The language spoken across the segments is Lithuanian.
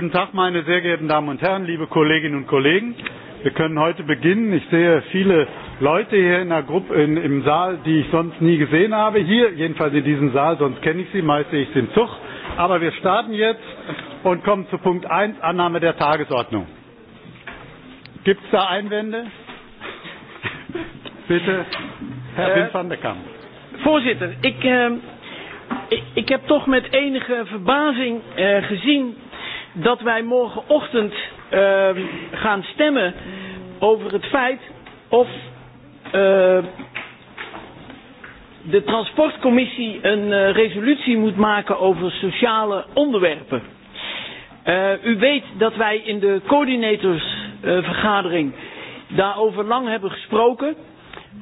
Guten Tag, meine sehr geehrten Damen und Herren, liebe Kolleginnen und Kollegen. Wir können heute beginnen. Ich sehe viele Leute hier in der Gruppe in, im Saal, die ich sonst nie gesehen habe. Hier, jedenfalls in diesem Saal, sonst kenne ich sie, meist sehe ich sie im Zug. Aber wir starten jetzt und kommen zu Punkt 1, Annahme der Tagesordnung. Gibt es da Einwände? Bitte, Herr äh, Wim van der Kamp. Voorzitter, ik, uh, ik, ik heb toch met enige verbazing uh, gezien dat wij morgenochtend uh, gaan stemmen over het feit of uh, de transportcommissie een uh, resolutie moet maken over sociale onderwerpen. Uh, u weet dat wij in de coördinatorsvergadering uh, daarover lang hebben gesproken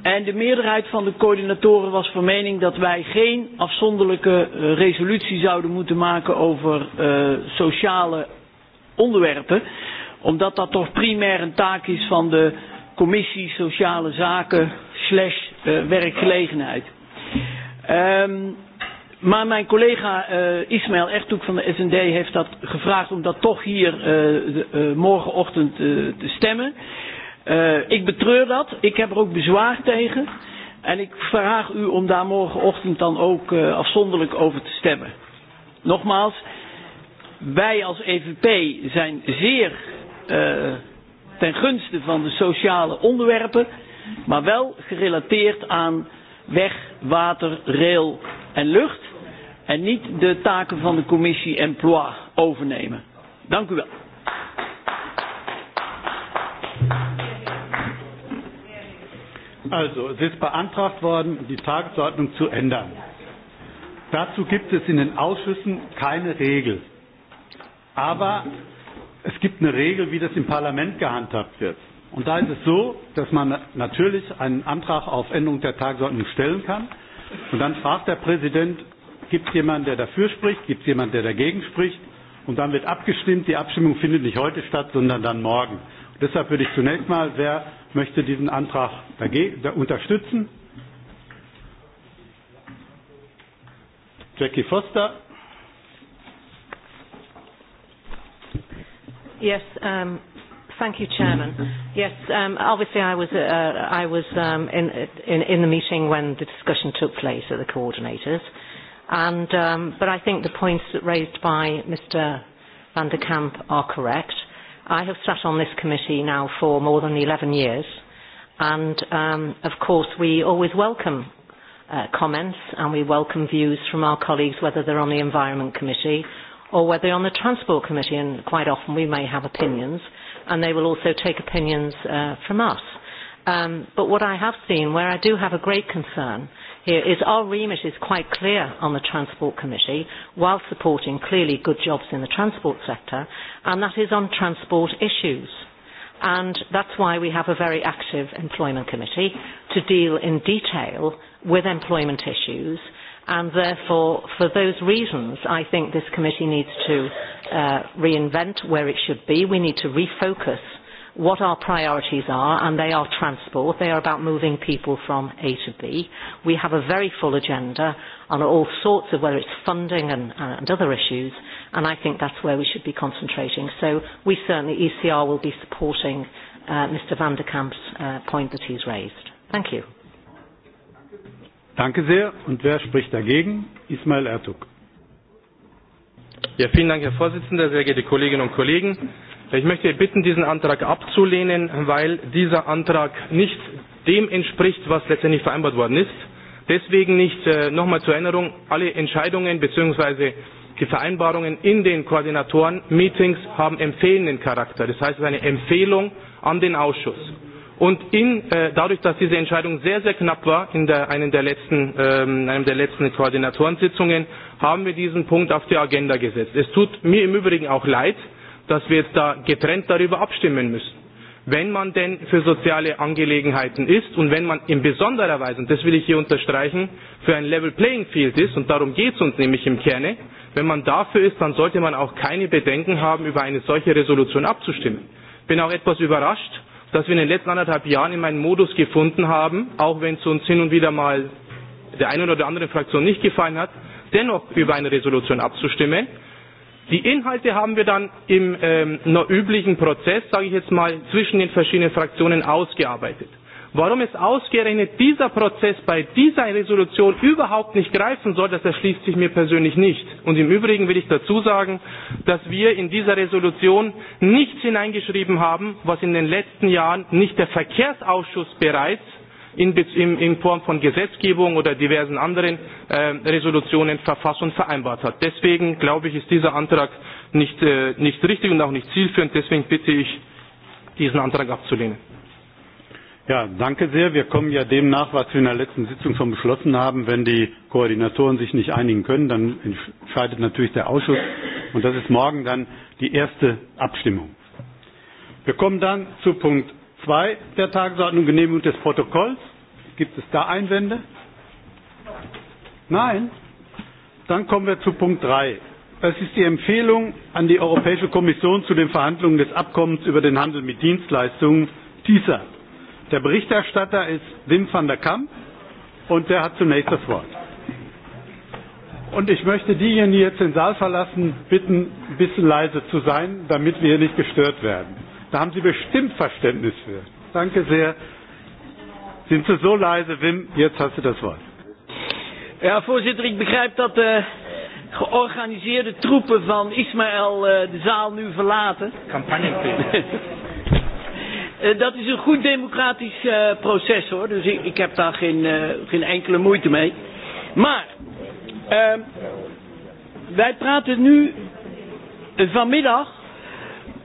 En de meerderheid van de coördinatoren was van mening dat wij geen afzonderlijke uh, resolutie zouden moeten maken over uh, sociale onderwerpen. Omdat dat toch primair een taak is van de commissie sociale zaken slash uh, werkgelegenheid. Um, maar mijn collega uh, Ismaël Ertoek van de SND heeft dat gevraagd om dat toch hier uh, de, uh, morgenochtend uh, te stemmen. Uh, Uh, ik betreur dat. Ik heb er ook bezwaar tegen. En ik vraag u om daar morgenochtend dan ook uh, afzonderlijk over te stemmen. Nogmaals, wij als EVP zijn zeer uh, ten gunste van de sociale onderwerpen, maar wel gerelateerd aan weg, water, rail en lucht. En niet de taken van de commissie emploi overnemen. Dank u wel. Thank you. Also, es ist beantragt worden, die Tagesordnung zu ändern. Dazu gibt es in den Ausschüssen keine Regel. Aber es gibt eine Regel, wie das im Parlament gehandhabt wird. Und da ist es so, dass man natürlich einen Antrag auf Änderung der Tagesordnung stellen kann. Und dann fragt der Präsident, gibt es jemanden, der dafür spricht, gibt es jemanden, der dagegen spricht? Und dann wird abgestimmt. Die Abstimmung findet nicht heute statt, sondern dann morgen. Deshalb würde ich zunächst mal, wer möchte diesen Antrag unterstützen? Jackie Foster. Yes, um, Thank you, Chairman. Yes, um, obviously I was, uh, I was um, in, in, in the meeting when the discussion took place at the coordinators. And, um, but I think the points raised by Mr van de Kamp are correct. I have sat on this committee now for more than 11 years, and um, of course we always welcome uh, comments and we welcome views from our colleagues, whether they're on the Environment Committee or whether they're on the Transport Committee, and quite often we may have opinions, and they will also take opinions uh, from us. Um, but what I have seen, where I do have a great concern, here is our remit is quite clear on the Transport Committee, while supporting clearly good jobs in the transport sector, and that is on transport issues. And that's why we have a very active Employment Committee to deal in detail with employment issues. And therefore, for those reasons, I think this committee needs to uh, reinvent where it should be. We need to refocus uh, what our priorities are, and they are transport. They are about moving people from A to B. We have a very full agenda on all sorts of whether it's funding and, and other issues, and I think that's where we should be concentrating. So we certainly, ECR, will be supporting uh, Mr van der Kamp's uh, point that he's raised. Thank you. Danke sehr. Und wer spricht dagegen? Ismail Ertug. Ja, vielen Dank, Herr Vorsitzender, sehr geehrte Kolleginnen und Kollegen. Ich möchte bitten, diesen Antrag abzulehnen, weil dieser Antrag nicht dem entspricht, was letztendlich vereinbart worden ist. Deswegen nicht äh, nochmal zur Erinnerung, alle Entscheidungen bzw. die Vereinbarungen in den Koordinatoren-Meetings haben empfehlenden Charakter. Das heißt, es ist eine Empfehlung an den Ausschuss. Und in, äh, dadurch, dass diese Entscheidung sehr, sehr knapp war in der, einem, der letzten, ähm, einem der letzten Koordinatorensitzungen, haben wir diesen Punkt auf die Agenda gesetzt. Es tut mir im Übrigen auch leid, äh, dass wir jetzt da getrennt darüber abstimmen müssen. Wenn man denn für soziale Angelegenheiten ist und wenn man in besonderer Weise, und das will ich hier unterstreichen, für ein Level Playing Field ist, und darum geht es uns nämlich im Kerne, wenn man dafür ist, dann sollte man auch keine Bedenken haben, über eine solche Resolution abzustimmen. Ich bin auch etwas überrascht, dass wir in den letzten anderthalb Jahren immer einen Modus gefunden haben, auch wenn es uns hin und wieder mal der einen oder anderen Fraktion nicht gefallen hat, dennoch über eine Resolution abzustimmen Die Inhalte haben wir dann im ähm, noch üblichen Prozess, sage ich jetzt mal, zwischen den verschiedenen Fraktionen ausgearbeitet. Warum es ausgerechnet dieser Prozess bei dieser Resolution überhaupt nicht greifen soll, das erschließt sich mir persönlich nicht. Und im Übrigen will ich dazu sagen, dass wir in dieser Resolution nichts hineingeschrieben haben, was in den letzten Jahren nicht der Verkehrsausschuss bereits in, in, in Form von Gesetzgebung oder diversen anderen äh, Resolutionen verfasst und vereinbart hat. Deswegen glaube ich, ist dieser Antrag nicht, äh, nicht richtig und auch nicht zielführend. Deswegen bitte ich, diesen Antrag abzulehnen. Ja, danke sehr. Wir kommen ja dem nach, was wir in der letzten Sitzung schon beschlossen haben. Wenn die Koordinatoren sich nicht einigen können, dann entscheidet natürlich der Ausschuss. Und das ist morgen dann die erste Abstimmung. Wir kommen dann zu Punkt 2 der Tagesordnung Genehmigung des Protokolls. Gibt es da Einwände? Nein? Dann kommen wir zu Punkt 3. Es ist die Empfehlung an die Europäische Kommission zu den Verhandlungen des Abkommens über den Handel mit Dienstleistungen, TISA. Der Berichterstatter ist Wim van der Kamp und der hat zunächst das Wort. Und ich möchte diejenigen, die jetzt den Saal verlassen, bitten, ein bisschen leise zu sein, damit wir hier nicht gestört werden. Da haben Sie bestimmt Verständnis für. Danke sehr. Sind Sie so leise, Wim? Jetzt hast du das Wort. Ja, voorzitter, ik begrijp dat de georganiseerde troepen van Ismaël eh, de zaal nu verlaten. Campagnefilm. Eh, dat is een goed democratisch uh, proces hoor, dus ik, ik heb daar geen, uh, geen enkele moeite mee. Maar, uh, wij praten nu vanmiddag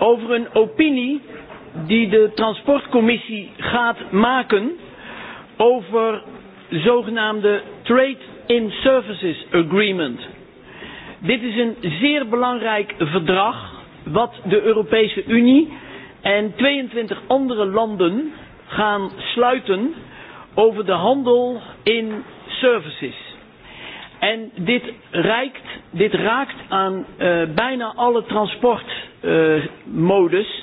over een opinie die de transportcommissie gaat maken over zogenaamde Trade in Services Agreement. Dit is een zeer belangrijk verdrag wat de Europese Unie en 22 andere landen gaan sluiten over de handel in services. En dit, reikt, dit raakt aan uh, bijna alle transportmodus. Uh,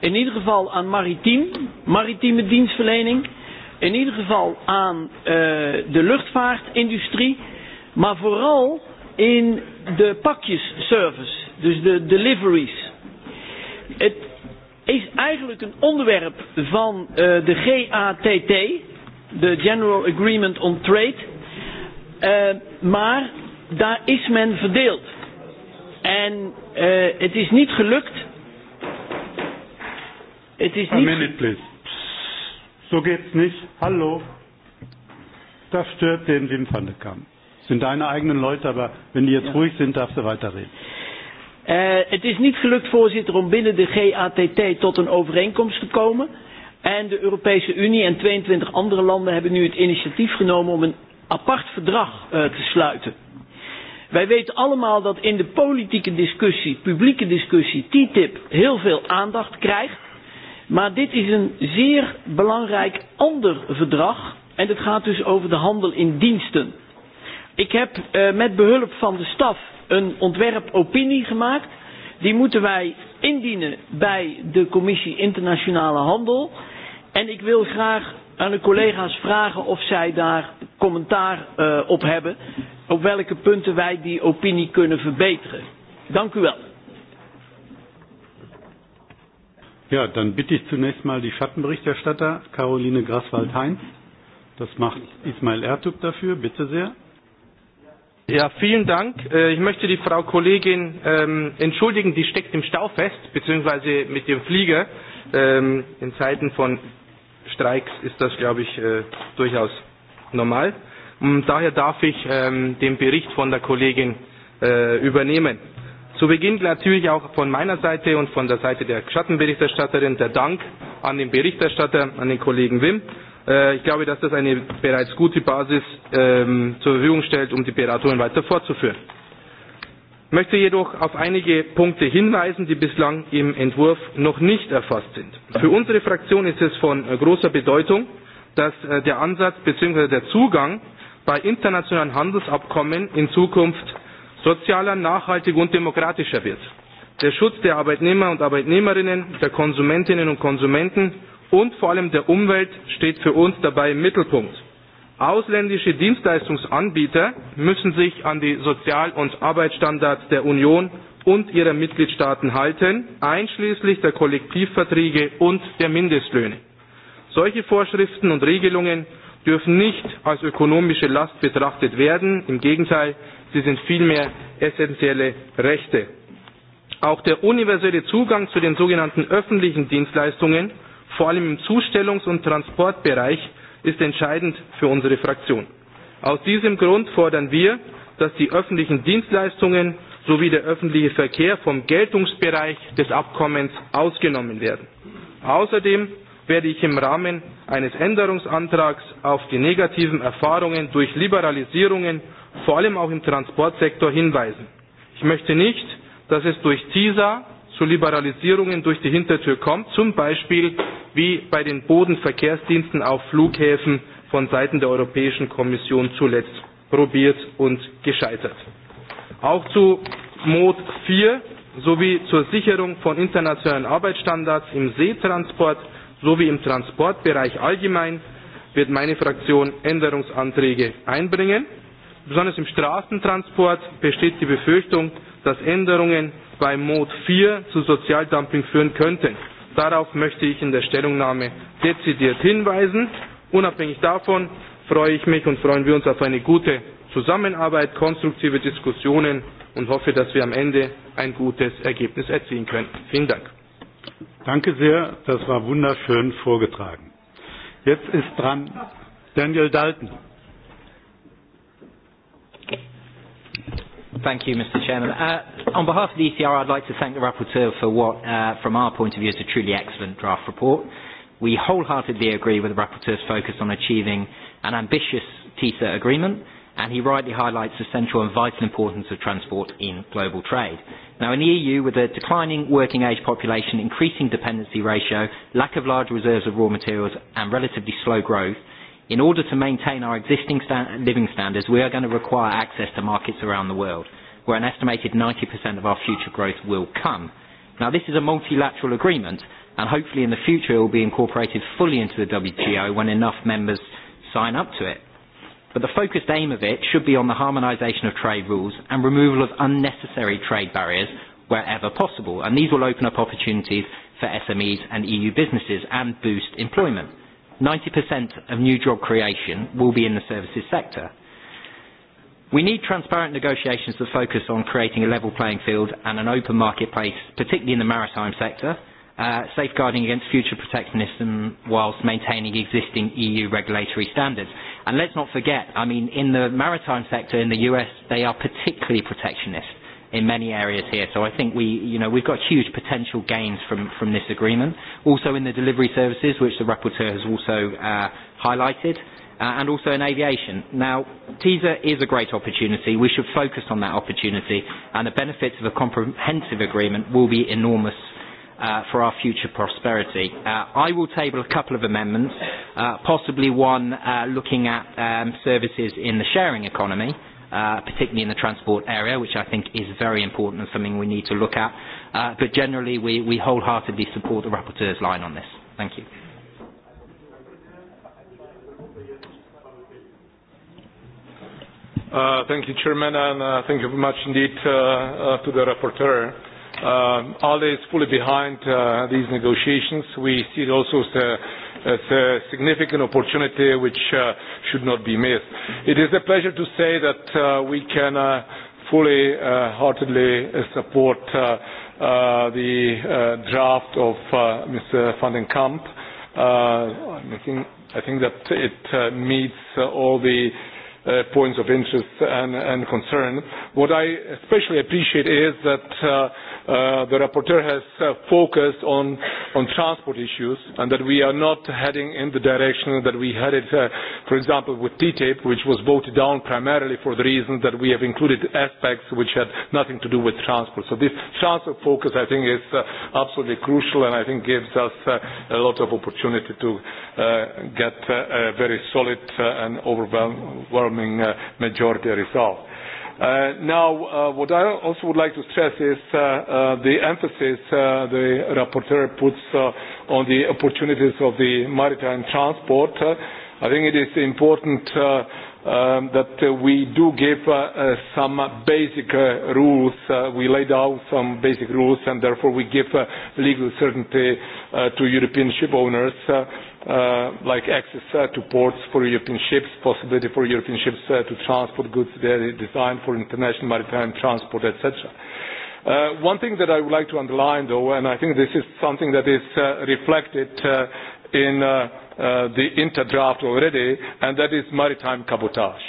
in ieder geval aan maritiem, maritieme dienstverlening. In ieder geval aan uh, de luchtvaartindustrie. Maar vooral in de pakjesservice, dus de deliveries. Het is eigenlijk een onderwerp van uh, de GATT, de General Agreement on Trade. Uh, maar daar is men verdeeld. En uh, het is niet gelukt. Het is niet. A minute, please. So geht's nicht. Hallo. Das stört den Wim van der Kamp. Sind deine eigenen Leute, aber wenn die jetzt ja. ruhig sind, darfst du weiterreden. Uh, het is niet gelukt, voorzitter, om binnen de GATT tot een overeenkomst te komen. En de Europese Unie en 22 andere landen hebben nu het initiatief genomen om een apart verdrag uh, te sluiten. Wij weten allemaal dat in de politieke discussie, publieke discussie, TTIP heel veel aandacht krijgt. Maar dit is een zeer belangrijk ander verdrag en het gaat dus over de handel in diensten. Ik heb uh, met behulp van de staf een ontwerp opinie gemaakt. Die moeten wij indienen bij de Commissie Internationale Handel. En ik wil graag aan de collega's vragen of zij daar commentaar uh, op hebben. Op welke punten wij die opinie kunnen verbeteren. Dank u wel. Ja, dann bitte ich zunächst mal die Schattenberichterstatter Caroline Graswald-Heinz. Das macht Ismail Ertug dafür. Bitte sehr. Ja, vielen Dank. Äh, ich möchte die Frau Kollegin ähm, entschuldigen, die steckt im Stau fest, beziehungsweise mit dem Flieger ähm, in Zeiten von Streiks ist das, glaube ich, äh, durchaus normal. Und mm, daher darf ich ähm, den Bericht von der Kollegin äh, übernehmen. Zu Beginn natürlich auch von meiner Seite und von der Seite der Schattenberichterstatterin der Dank an den Berichterstatter, an den Kollegen Wim. Äh, ich glaube, dass das eine bereits gute Basis ähm, zur Verfügung stellt, um die Beratungen weiter fortzuführen möchte jedoch auf einige Punkte hinweisen, die bislang im Entwurf noch nicht erfasst sind. Für unsere Fraktion ist es von äh, großer Bedeutung, dass äh, der Ansatz bzw. der Zugang bei internationalen Handelsabkommen in Zukunft sozialer, nachhaltiger und demokratischer wird. Der Schutz der Arbeitnehmer und Arbeitnehmerinnen, der Konsumentinnen und Konsumenten und vor allem der Umwelt steht für uns dabei im Mittelpunkt. Ausländische Dienstleistungsanbieter müssen sich an die Sozial- und Arbeitsstandards der Union und ihrer Mitgliedstaaten halten, einschließlich der Kollektivverträge und der Mindestlöhne. Solche Vorschriften und Regelungen dürfen nicht als ökonomische Last betrachtet werden. Im Gegenteil, sie sind vielmehr essentielle Rechte. Auch der universelle Zugang zu den sogenannten öffentlichen Dienstleistungen, vor allem im Zustellungs- und Transportbereich, ist entscheidend für unsere Fraktion. Aus diesem Grund fordern wir, dass die öffentlichen Dienstleistungen sowie der öffentliche Verkehr vom Geltungsbereich des Abkommens ausgenommen werden. Außerdem werde ich im Rahmen eines Änderungsantrags auf die negativen Erfahrungen durch Liberalisierungen, vor allem auch im Transportsektor, hinweisen. Ich möchte nicht, dass es durch TISA zu Liberalisierungen durch die Hintertür kommt, zum Beispiel wie bei den Bodenverkehrsdiensten auf Flughäfen von Seiten der Europäischen Kommission zuletzt probiert und gescheitert. Auch zu Mod 4 sowie zur Sicherung von internationalen Arbeitsstandards im Seetransport sowie im Transportbereich allgemein wird meine Fraktion Änderungsanträge einbringen. Besonders im Straßentransport besteht die Befürchtung, dass Änderungen bei Mod 4 zu Sozialdumping führen könnten. Darauf möchte ich in der Stellungnahme dezidiert hinweisen. Unabhängig davon freue ich mich und freuen wir uns auf eine gute Zusammenarbeit, konstruktive Diskussionen und hoffe, dass wir am Ende ein gutes Ergebnis erzielen können. Vielen Dank. Danke sehr, das war wunderschön vorgetragen. Jetzt ist dran Daniel Dalton. Thank you, Mr. Chairman. Uh, on behalf of the ECR, I'd like to thank the rapporteur for what, uh, from our point of view, is a truly excellent draft report. We wholeheartedly agree with the rapporteur's focus on achieving an ambitious TISA e agreement, and he rightly highlights the central and vital importance of transport in global trade. Now, in the EU, with a declining working age population, increasing dependency ratio, lack of large reserves of raw materials, and relatively slow growth, In order to maintain our existing sta- living standards, we are going to require access to markets around the world, where an estimated 90% of our future growth will come. Now, this is a multilateral agreement, and hopefully in the future it will be incorporated fully into the WTO when enough members sign up to it. But the focused aim of it should be on the harmonisation of trade rules and removal of unnecessary trade barriers wherever possible, and these will open up opportunities for SMEs and EU businesses and boost employment. 90% of new job creation will be in the services sector. We need transparent negotiations that focus on creating a level playing field and an open marketplace, particularly in the maritime sector, uh, safeguarding against future protectionism whilst maintaining existing EU regulatory standards. And let's not forget, I mean, in the maritime sector in the US, they are particularly protectionist in many areas here. So I think we, you know, we've got huge potential gains from, from this agreement. Also in the delivery services, which the rapporteur has also uh, highlighted, uh, and also in aviation. Now, TISA is a great opportunity. We should focus on that opportunity, and the benefits of a comprehensive agreement will be enormous uh, for our future prosperity. Uh, I will table a couple of amendments, uh, possibly one uh, looking at um, services in the sharing economy, uh, uh, particularly in the transport area, which I think is very important and something we need to look at. Uh, but generally, we, we wholeheartedly support the rapporteur's line on this. Thank you. Uh, thank you, Chairman, and uh, thank you very much indeed uh, uh, to the rapporteur. Um, ALDE is fully behind uh, these negotiations. We see it also as a as a significant opportunity which uh, should not be missed. It is a pleasure to say that uh, we can uh, fully uh, heartedly uh, support uh, uh, the uh, draft of uh, Mr. van den Kamp. Uh, I, think, I think that it uh, meets uh, all the uh, points of interest and, and concern. What I especially appreciate is that uh, Uh, the rapporteur has uh, focused on, on transport issues and that we are not heading in the direction that we headed, uh, for example, with TTIP, which was voted down primarily for the reason that we have included aspects which had nothing to do with transport. So this transport focus, I think, is uh, absolutely crucial and I think gives us uh, a lot of opportunity to uh, get uh, a very solid uh, and overwhelming uh, majority result. Uh, now, uh, what I also would like to stress is uh, uh, the emphasis uh, the rapporteur puts uh, on the opportunities of the maritime transport. Uh, I think it is important uh, um, that uh, we do give uh, uh, some basic uh, rules. Uh, we laid out some basic rules and therefore we give uh, legal certainty uh, to European ship owners. Uh, uh, like access uh, to ports for European ships, possibility for European ships uh, to transport goods that are designed for international maritime transport, etc. Uh, one thing that I would like to underline, though, and I think this is something that is uh, reflected uh, in uh, uh, the interdraft already, and that is maritime cabotage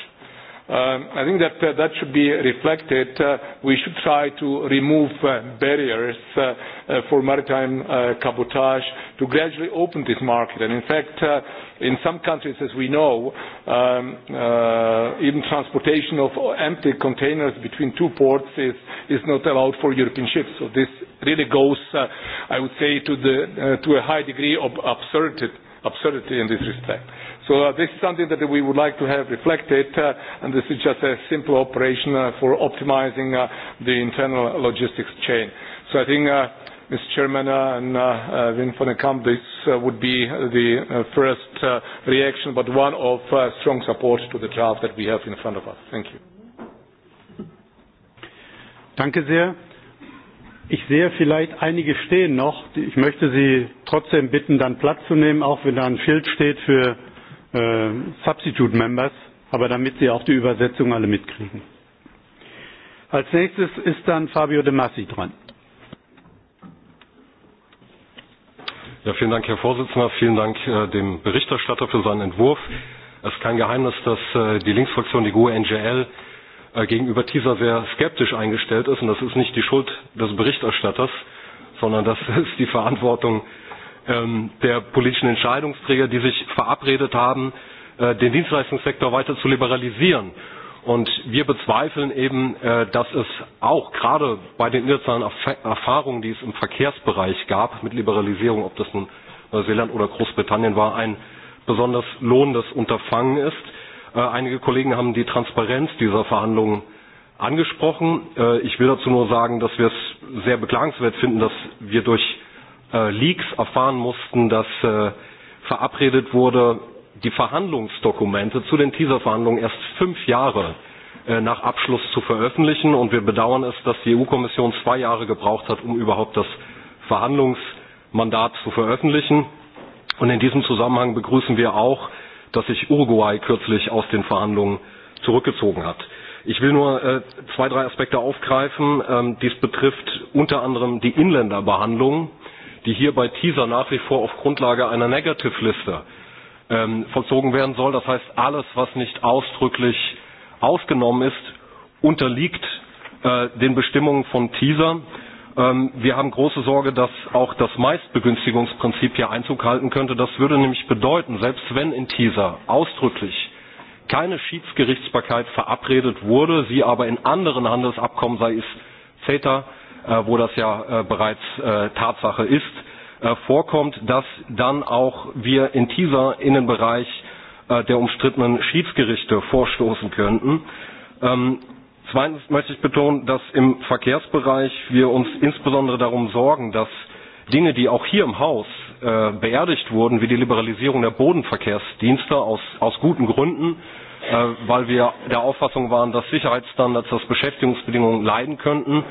Um, I think that uh, that should be reflected. Uh, we should try to remove uh, barriers uh, uh, for maritime uh, cabotage to gradually open this market. And in fact, uh, in some countries, as we know, um, uh, even transportation of empty containers between two ports is, is not allowed for European ships. So this really goes, uh, I would say, to, the, uh, to a high degree of absurdity, absurdity in this respect. So uh, this is something that we would like to have reflected, uh, and this is just a simple operation uh, for optimizing uh, the internal logistics chain. So I think, uh, Mr. Chairman uh, and uh, uh, Wim van de Kamp, this uh, would be the uh, first uh, reaction, but one of uh, strong support to the draft that we have in front of us. Thank you. Danke sehr. Ich sehe vielleicht einige stehen noch. Ich möchte Sie trotzdem bitten, dann Platz zu nehmen, auch wenn da ein Schild steht für äh, Substitute Members, aber damit Sie auch die Übersetzung alle mitkriegen. Als nächstes ist dann Fabio De Massi dran. Ja, vielen Dank, Herr Vorsitzender. Vielen Dank äh, dem Berichterstatter für seinen Entwurf. Es ist kein Geheimnis, dass äh, die Linksfraktion, die GUE NGL, äh, gegenüber TISA sehr skeptisch eingestellt ist. Und das ist nicht die Schuld des Berichterstatters, sondern das ist die Verantwortung äh, ähm, der politischen Entscheidungsträger, die sich verabredet haben, äh, den Dienstleistungssektor weiter zu liberalisieren. Und wir bezweifeln eben, äh, dass es auch gerade bei den internationalen Erfahrungen, die es im Verkehrsbereich gab mit Liberalisierung, ob das nun Neuseeland oder Großbritannien war, ein besonders lohnendes Unterfangen ist. Äh, einige Kollegen haben die Transparenz dieser Verhandlungen angesprochen. Äh, ich will dazu nur sagen, dass wir es sehr beklagenswert finden, dass wir durch äh, äh, Leaks erfahren mussten, dass äh, verabredet wurde, die Verhandlungsdokumente zu den TISA-Verhandlungen erst fünf Jahre äh, nach Abschluss zu veröffentlichen. Und wir bedauern es, dass die EU-Kommission zwei Jahre gebraucht hat, um überhaupt das Verhandlungsmandat zu veröffentlichen. Und in diesem Zusammenhang begrüßen wir auch, dass sich Uruguay kürzlich aus den Verhandlungen zurückgezogen hat. Ich will nur äh, zwei, drei Aspekte aufgreifen. Ähm, dies betrifft unter anderem die Inländerbehandlung die hier bei TISA nach wie vor auf Grundlage einer Negative-Liste ähm, vollzogen werden soll. Das heißt, alles, was nicht ausdrücklich ausgenommen ist, unterliegt äh, den Bestimmungen von TISA. Ähm, wir haben große Sorge, dass auch das Meistbegünstigungsprinzip hier Einzug halten könnte. Das würde nämlich bedeuten, selbst wenn in TISA ausdrücklich keine Schiedsgerichtsbarkeit verabredet wurde, sie aber in anderen Handelsabkommen, sei es CETA, Äh, wo das ja äh, bereits äh, Tatsache ist, vorkommt, dass dann auch wir in dieser Innenbereich der umstrittenen Schiedsgerichte vorstoßen könnten. Ähm, zweitens möchte ich betonen, dass im Verkehrsbereich wir uns insbesondere darum sorgen, dass Dinge, die auch hier im Haus äh, beerdigt wurden, wie die Liberalisierung der Bodenverkehrsdienste aus, aus guten Gründen, äh, weil wir der Auffassung waren, dass Sicherheitsstandards, dass Beschäftigungsbedingungen leiden könnten,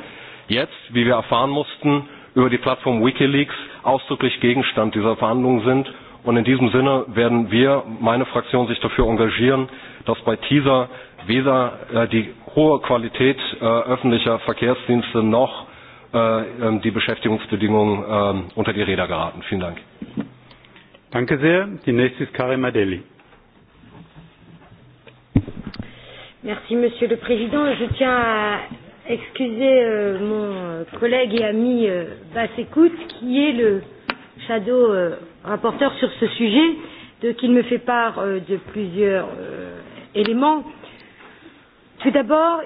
jetzt, wie wir erfahren mussten, über die Plattform Wikileaks ausdrücklich Gegenstand dieser Verhandlungen sind. Und in diesem Sinne werden wir, meine Fraktion, sich dafür engagieren, dass bei TISA weder äh, die hohe Qualität äh, öffentlicher Verkehrsdienste noch äh, ähm, die Beschäftigungsbedingungen äh, unter die Räder geraten. Vielen Dank. Danke sehr. Die nächste ist Karim Adeli. Merci, Monsieur le Président. Je tiens à excuser euh, mon euh, collègue et ami euh, Basse-Écoute, qui est le shadow euh, rapporteur sur ce sujet, de qu'il me fait part euh, de plusieurs euh, éléments. Tout d'abord,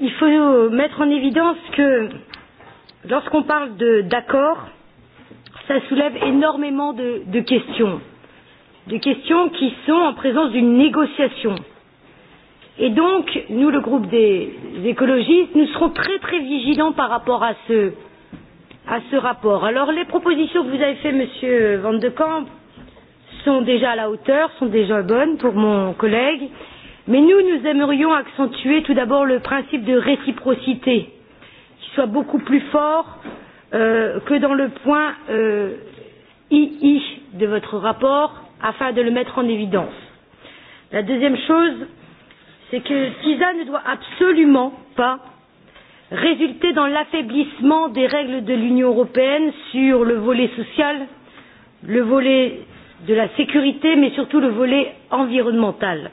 il faut mettre en évidence que lorsqu'on parle d'accord, ça soulève énormément de, de questions, de questions qui sont en présence d'une négociation. Euh, Et donc, nous, le groupe des écologistes, nous serons très très vigilants par rapport à ce, à ce rapport. Alors, les propositions que vous avez faites, Monsieur Van de Kamp, sont déjà à la hauteur, sont déjà bonnes pour mon collègue. Mais nous, nous aimerions accentuer tout d'abord le principe de réciprocité, qui soit beaucoup plus fort euh, que dans le point euh, II de votre rapport, afin de le mettre en évidence. La deuxième chose, c'est que TISA ne doit absolument pas résulter dans l'affaiblissement des règles de l'Union européenne sur le volet social, le volet de la sécurité, mais surtout le volet environnemental.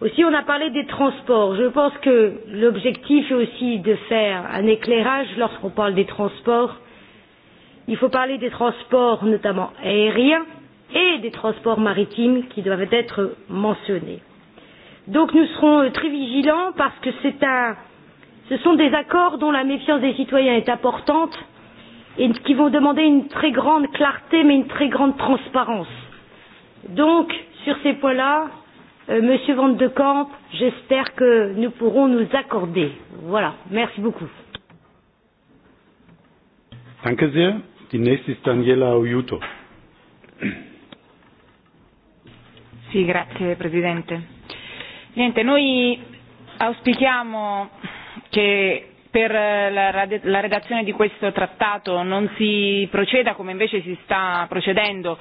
Aussi, on a parlé des transports. Je pense que l'objectif est aussi de faire un éclairage lorsqu'on parle des transports. Il faut parler des transports, notamment aériens, et des transports maritimes qui doivent être mentionnés. Donc nous serons euh, très vigilants parce que c'est un, ce sont des accords dont la méfiance des citoyens est importante et qui vont demander une très grande clarté mais une très grande transparence. Donc sur ces points-là, euh, Monsieur Van de Camp, j'espère que nous pourrons nous accorder. Voilà, merci beaucoup. Danke sehr. Die nächste ist Daniela Ojuto. Sì, grazie Presidente. Niente, noi auspichiamo che per la redazione di questo trattato non si proceda come invece si sta procedendo,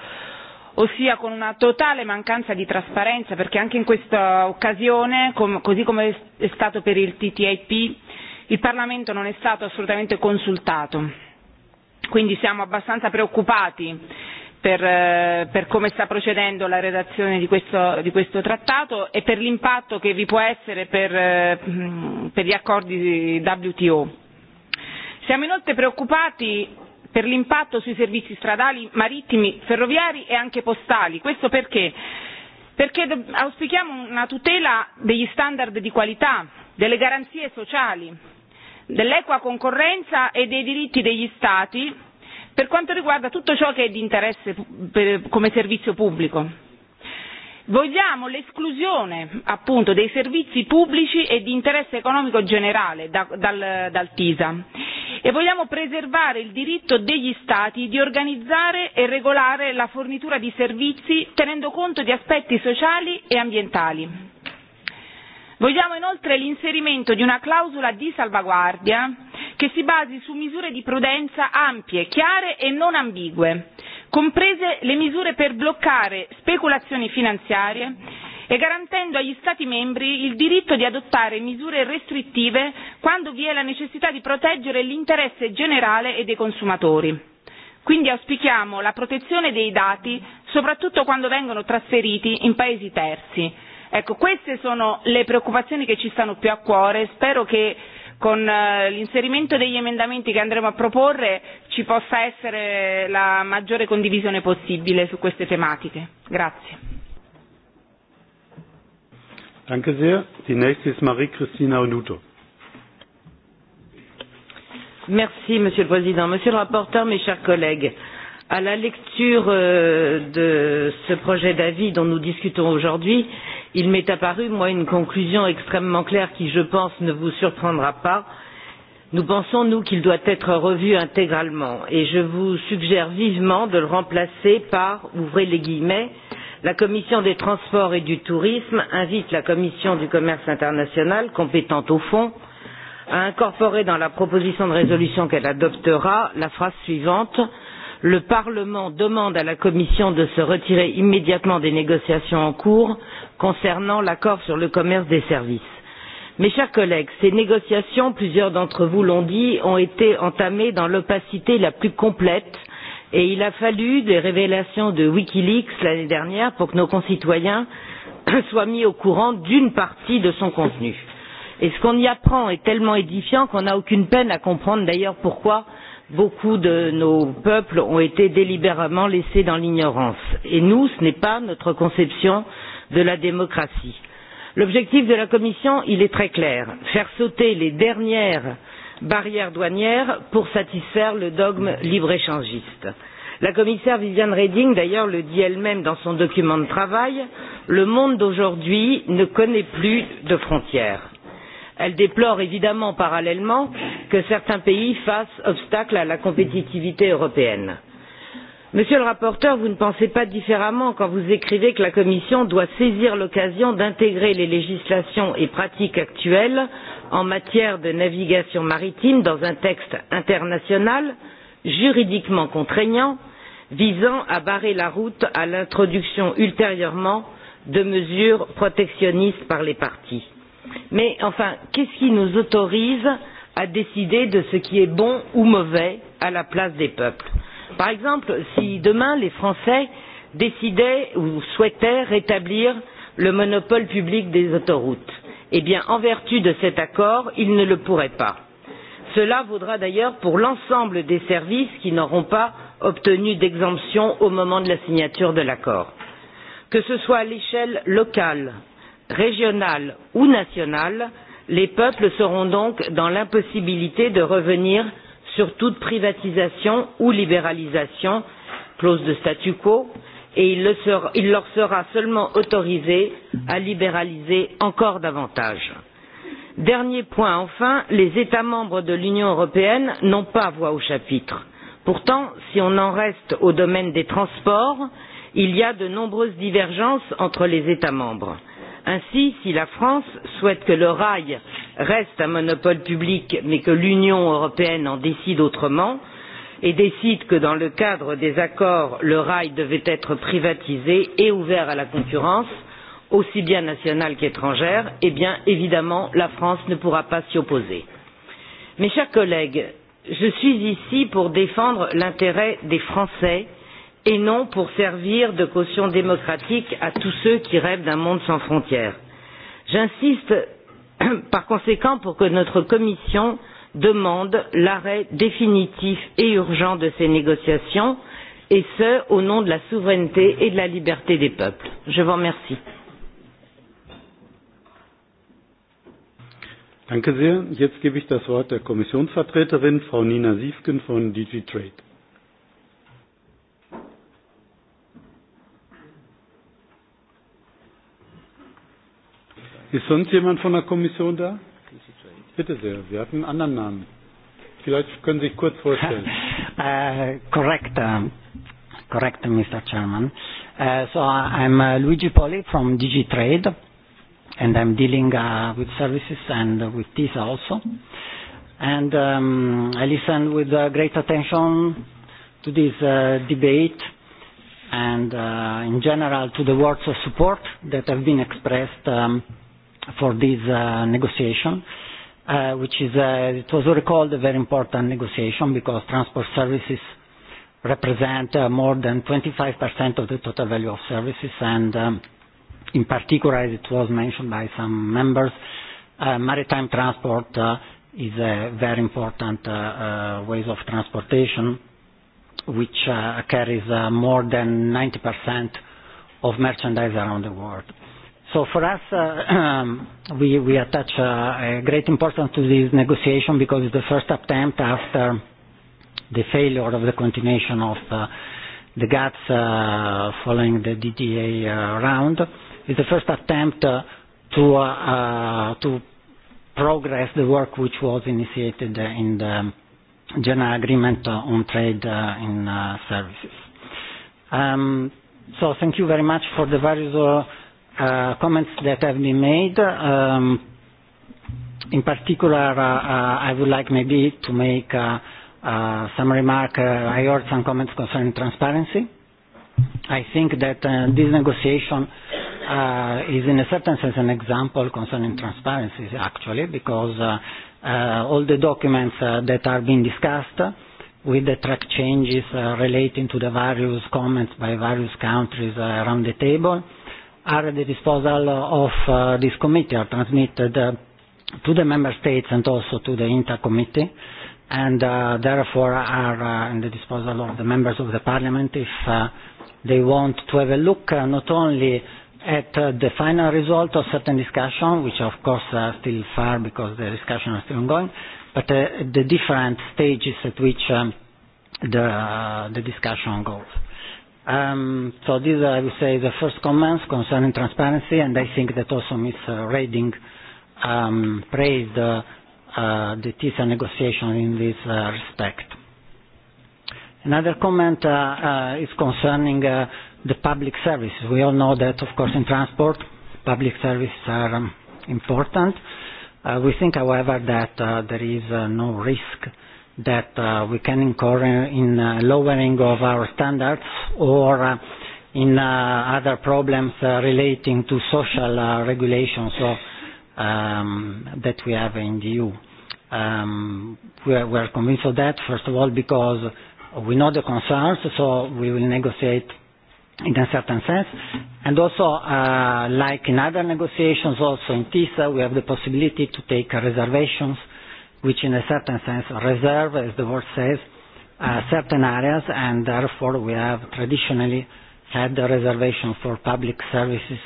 ossia con una totale mancanza di trasparenza, perché anche in questa occasione, così come è stato per il TTIP, il Parlamento non è stato assolutamente consultato. Quindi siamo abbastanza preoccupati per, eh, per come sta procedendo la redazione di questo, di questo trattato e per l'impatto che vi può essere per, eh, per gli accordi WTO. Siamo inoltre preoccupati per l'impatto sui servizi stradali, marittimi, ferroviari e anche postali. Questo perché? Perché auspichiamo una tutela degli standard di qualità, delle garanzie sociali, dell'equa concorrenza e dei diritti degli Stati per quanto riguarda tutto ciò che è di interesse per, come servizio pubblico. Vogliamo l'esclusione appunto dei servizi pubblici e di interesse economico generale da, dal, dal TISA e vogliamo preservare il diritto degli Stati di organizzare e regolare la fornitura di servizi tenendo conto di aspetti sociali e ambientali. Vogliamo inoltre l'inserimento di una clausola di salvaguardia che si basi su misure di prudenza ampie, chiare e non ambigue, comprese le misure per bloccare speculazioni finanziarie e garantendo agli Stati membri il diritto di adottare misure restrittive quando vi è la necessità di proteggere l'interesse generale e dei consumatori. Quindi auspichiamo la protezione dei dati, soprattutto quando vengono trasferiti in paesi terzi. Ecco, queste sono le preoccupazioni che ci stanno più a cuore. Spero che con eh, l'inserimento degli emendamenti che andremo a proporre ci possa essere la maggiore condivisione possibile su queste tematiche. Grazie. Danke sehr. Die nächste ist Marie-Christina Onuto. Merci, Monsieur le Président. Monsieur le rapporteur, mes chers collègues, euh, à la lecture euh, de ce projet d'avis dont nous discutons aujourd'hui, il m'est apparu, moi, une conclusion extrêmement claire qui, je pense, ne vous surprendra pas. Nous pensons, nous, qu'il doit être revu intégralement et je vous suggère vivement de le remplacer par, ouvrez les guillemets, la Commission des transports et du tourisme invite la Commission du commerce international, compétente au fond, à incorporer dans la proposition de résolution qu'elle adoptera la phrase suivante « le parlement demande à la commission de se retirer immédiatement des négociations en cours concernant l'accord sur le commerce des services. mes chers collègues ces négociations plusieurs d'entre vous l'ont dit ont été entamées dans l'opacité la plus complète et il a fallu des révélations de wikileaks l'année dernière pour que nos concitoyens soient mis au courant d'une partie de son contenu. et ce qu'on y apprend est tellement édifiant qu'on n'a aucune peine à comprendre d'ailleurs pourquoi beaucoup de nos peuples ont été délibérément laissés dans l'ignorance et nous ce n'est pas notre conception de la démocratie. l'objectif de la commission est très clair faire sauter les dernières barrières douanières pour satisfaire le dogme libre échangiste. la commissaire viviane reding d'ailleurs le dit elle même dans son document de travail le monde d'aujourd'hui ne connaît plus de frontières elle déplore évidemment parallèlement que certains pays fassent obstacle à la compétitivité européenne. monsieur le rapporteur vous ne pensez pas différemment quand vous écrivez que la commission doit saisir l'occasion d'intégrer les législations et pratiques actuelles en matière de navigation maritime dans un texte international juridiquement contraignant visant à barrer la route à l'introduction ultérieurement de mesures protectionnistes par les parties. Mais enfin, qu'est-ce qui nous autorise à décider de ce qui est bon ou mauvais à la place des peuples Par exemple, si demain les Français décidaient ou souhaitaient rétablir le monopole public des autoroutes, eh bien, en vertu de cet accord, ils ne le pourraient pas. Cela vaudra d'ailleurs pour l'ensemble des services qui n'auront pas obtenu d'exemption au moment de la signature de l'accord. Que ce soit à l'échelle locale, régionales ou nationales les peuples seront donc dans l'impossibilité de revenir sur toute privatisation ou libéralisation clause de statu quo et il, le sera, il leur sera seulement autorisé à libéraliser encore davantage. Dernier point enfin, les États membres de l'Union européenne n'ont pas voix au chapitre. Pourtant, si on en reste au domaine des transports, il y a de nombreuses divergences entre les États membres Ainsi, si la France souhaite que le rail reste un monopole public mais que l'Union européenne en décide autrement et décide que dans le cadre des accords le rail devait être privatisé et ouvert à la concurrence, aussi bien nationale qu'étrangère, eh bien évidemment la France ne pourra pas s'y opposer. Mes chers collègues, je suis ici pour défendre l'intérêt des Français et non pour servir de caution démocratique à tous ceux qui rêvent d'un monde sans frontières. J'insiste par conséquent pour que notre commission demande l'arrêt définitif et urgent de ces négociations, et ce, au nom de la souveraineté et de la liberté des peuples. Je vous remercie. Danke sehr. Jetzt gebe ich das Wort der Kommissionsvertreterin, Frau Nina Siefken von DG Trade. Ist sonst jemand von der Kommission da? Bitte sehr, Sie hatten einen anderen Namen. Vielleicht können Sie sich kurz vorstellen. uh, äh, correct, uh, äh, correct, Mr. Chairman. Uh, so I'm uh, Luigi Poli from DG Trade, and I'm dealing uh, with services and with TISA also. And um, I listened with uh, great attention to this uh, debate and, uh, in general, to the words of support that have been expressed um, for this uh, negotiation, uh, which is, uh, it was recalled a very important negotiation because transport services represent uh, more than 25% of the total value of services and um, in particular, as it was mentioned by some members, uh, maritime transport uh, is a very important uh, uh, ways of transportation which uh, carries uh, more than 90% of merchandise around the world. So for us, uh, um, we, we attach uh, a great importance to this negotiation because it's the first attempt after the failure of the continuation of uh, the GATS uh, following the DDA uh, round. It's the first attempt uh, to, uh, uh, to progress the work which was initiated in the General Agreement on Trade uh, in uh, Services. Um, so thank you very much for the various uh, uh, comments that have been made. Um, in particular, uh, uh, I would like maybe to make uh, uh, some remark. Uh, I heard some comments concerning transparency. I think that uh, this negotiation uh, is in a certain sense an example concerning transparency actually because uh, uh, all the documents uh, that are being discussed uh, with the track changes uh, relating to the various comments by various countries uh, around the table uh, are at the disposal of uh, this committee, are transmitted uh, to the member states and also to the INTA committee, and uh, therefore are uh, in the disposal of the members of the parliament if uh, they want to have a look uh, not only at uh, the final result of certain discussion, which of course are still far because the discussion is still ongoing, but uh, the different stages at which um, the, uh, the discussion goes. Um, so these are, I would say, the first comments concerning transparency, and I think that also Ms. Uh, Reding um, praised uh, uh, the TISA negotiation in this uh, respect. Another comment uh, uh, is concerning uh, the public services. We all know that, of course, in transport, public services are um, important. Uh, we think, however, that uh, there is uh, no risk uh, that uh, we can incur in uh, lowering of our standards or uh, in uh, other problems uh, relating to social uh, regulations so, um, that we have in the EU. Um, we, are, we are convinced of that, first of all, because we know the concerns, so we will negotiate in a certain sense. And also, uh, like in other negotiations, also in TISA, we have the possibility to take reservations uh, which in a certain sense reserve, as the word says, uh, certain areas, and therefore we have traditionally had a reservation for public services,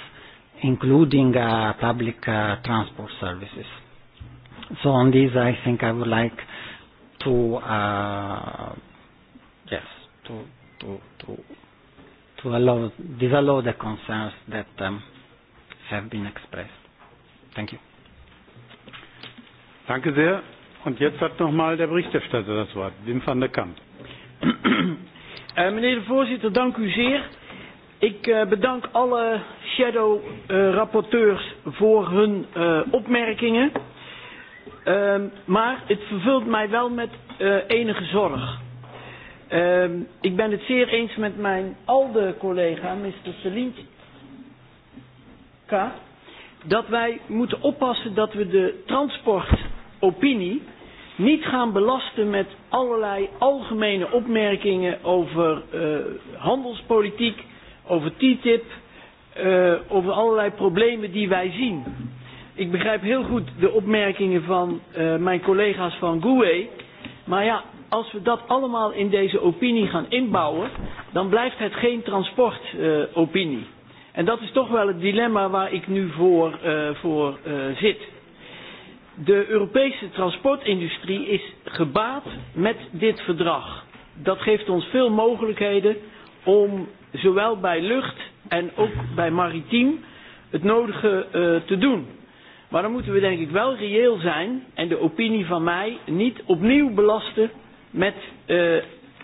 including uh, public uh, transport services. So on this, I think I would like to, uh, yes, to, to, to, to allow, disallow the concerns that um, have been expressed. Thank you. Danke sehr. Und jetzt hat nochmal der Berichterstatter das Wort, Wim van der Kamp. Uh, meneer de voorzitter, dank u zeer. Ik uh, bedank alle shadow uh, rapporteurs voor hun uh, opmerkingen. Uh, maar het vervult mij wel met uh, enige zorg. Uh, ik ben het zeer eens met mijn alde collega, Mr. Selinka, dat wij moeten oppassen dat we de transportopinie niet gaan belasten met allerlei algemene opmerkingen over uh, handelspolitiek, over TTIP, uh, over allerlei problemen die wij zien. Ik begrijp heel goed de opmerkingen van uh, mijn collega's van GUE, maar ja, als we dat allemaal in deze opinie gaan inbouwen, dan blijft het geen transportopinie. Uh, opinie. en dat is toch wel het dilemma waar ik nu voor, uh, voor uh, zit. De Europese transportindustrie is gebaat met dit verdrag. Dat geeft ons veel mogelijkheden om zowel bij lucht en ook bij maritiem het nodige uh, te doen. Maar dan moeten we denk ik wel reëel zijn en de opinie van mij niet opnieuw belasten met uh,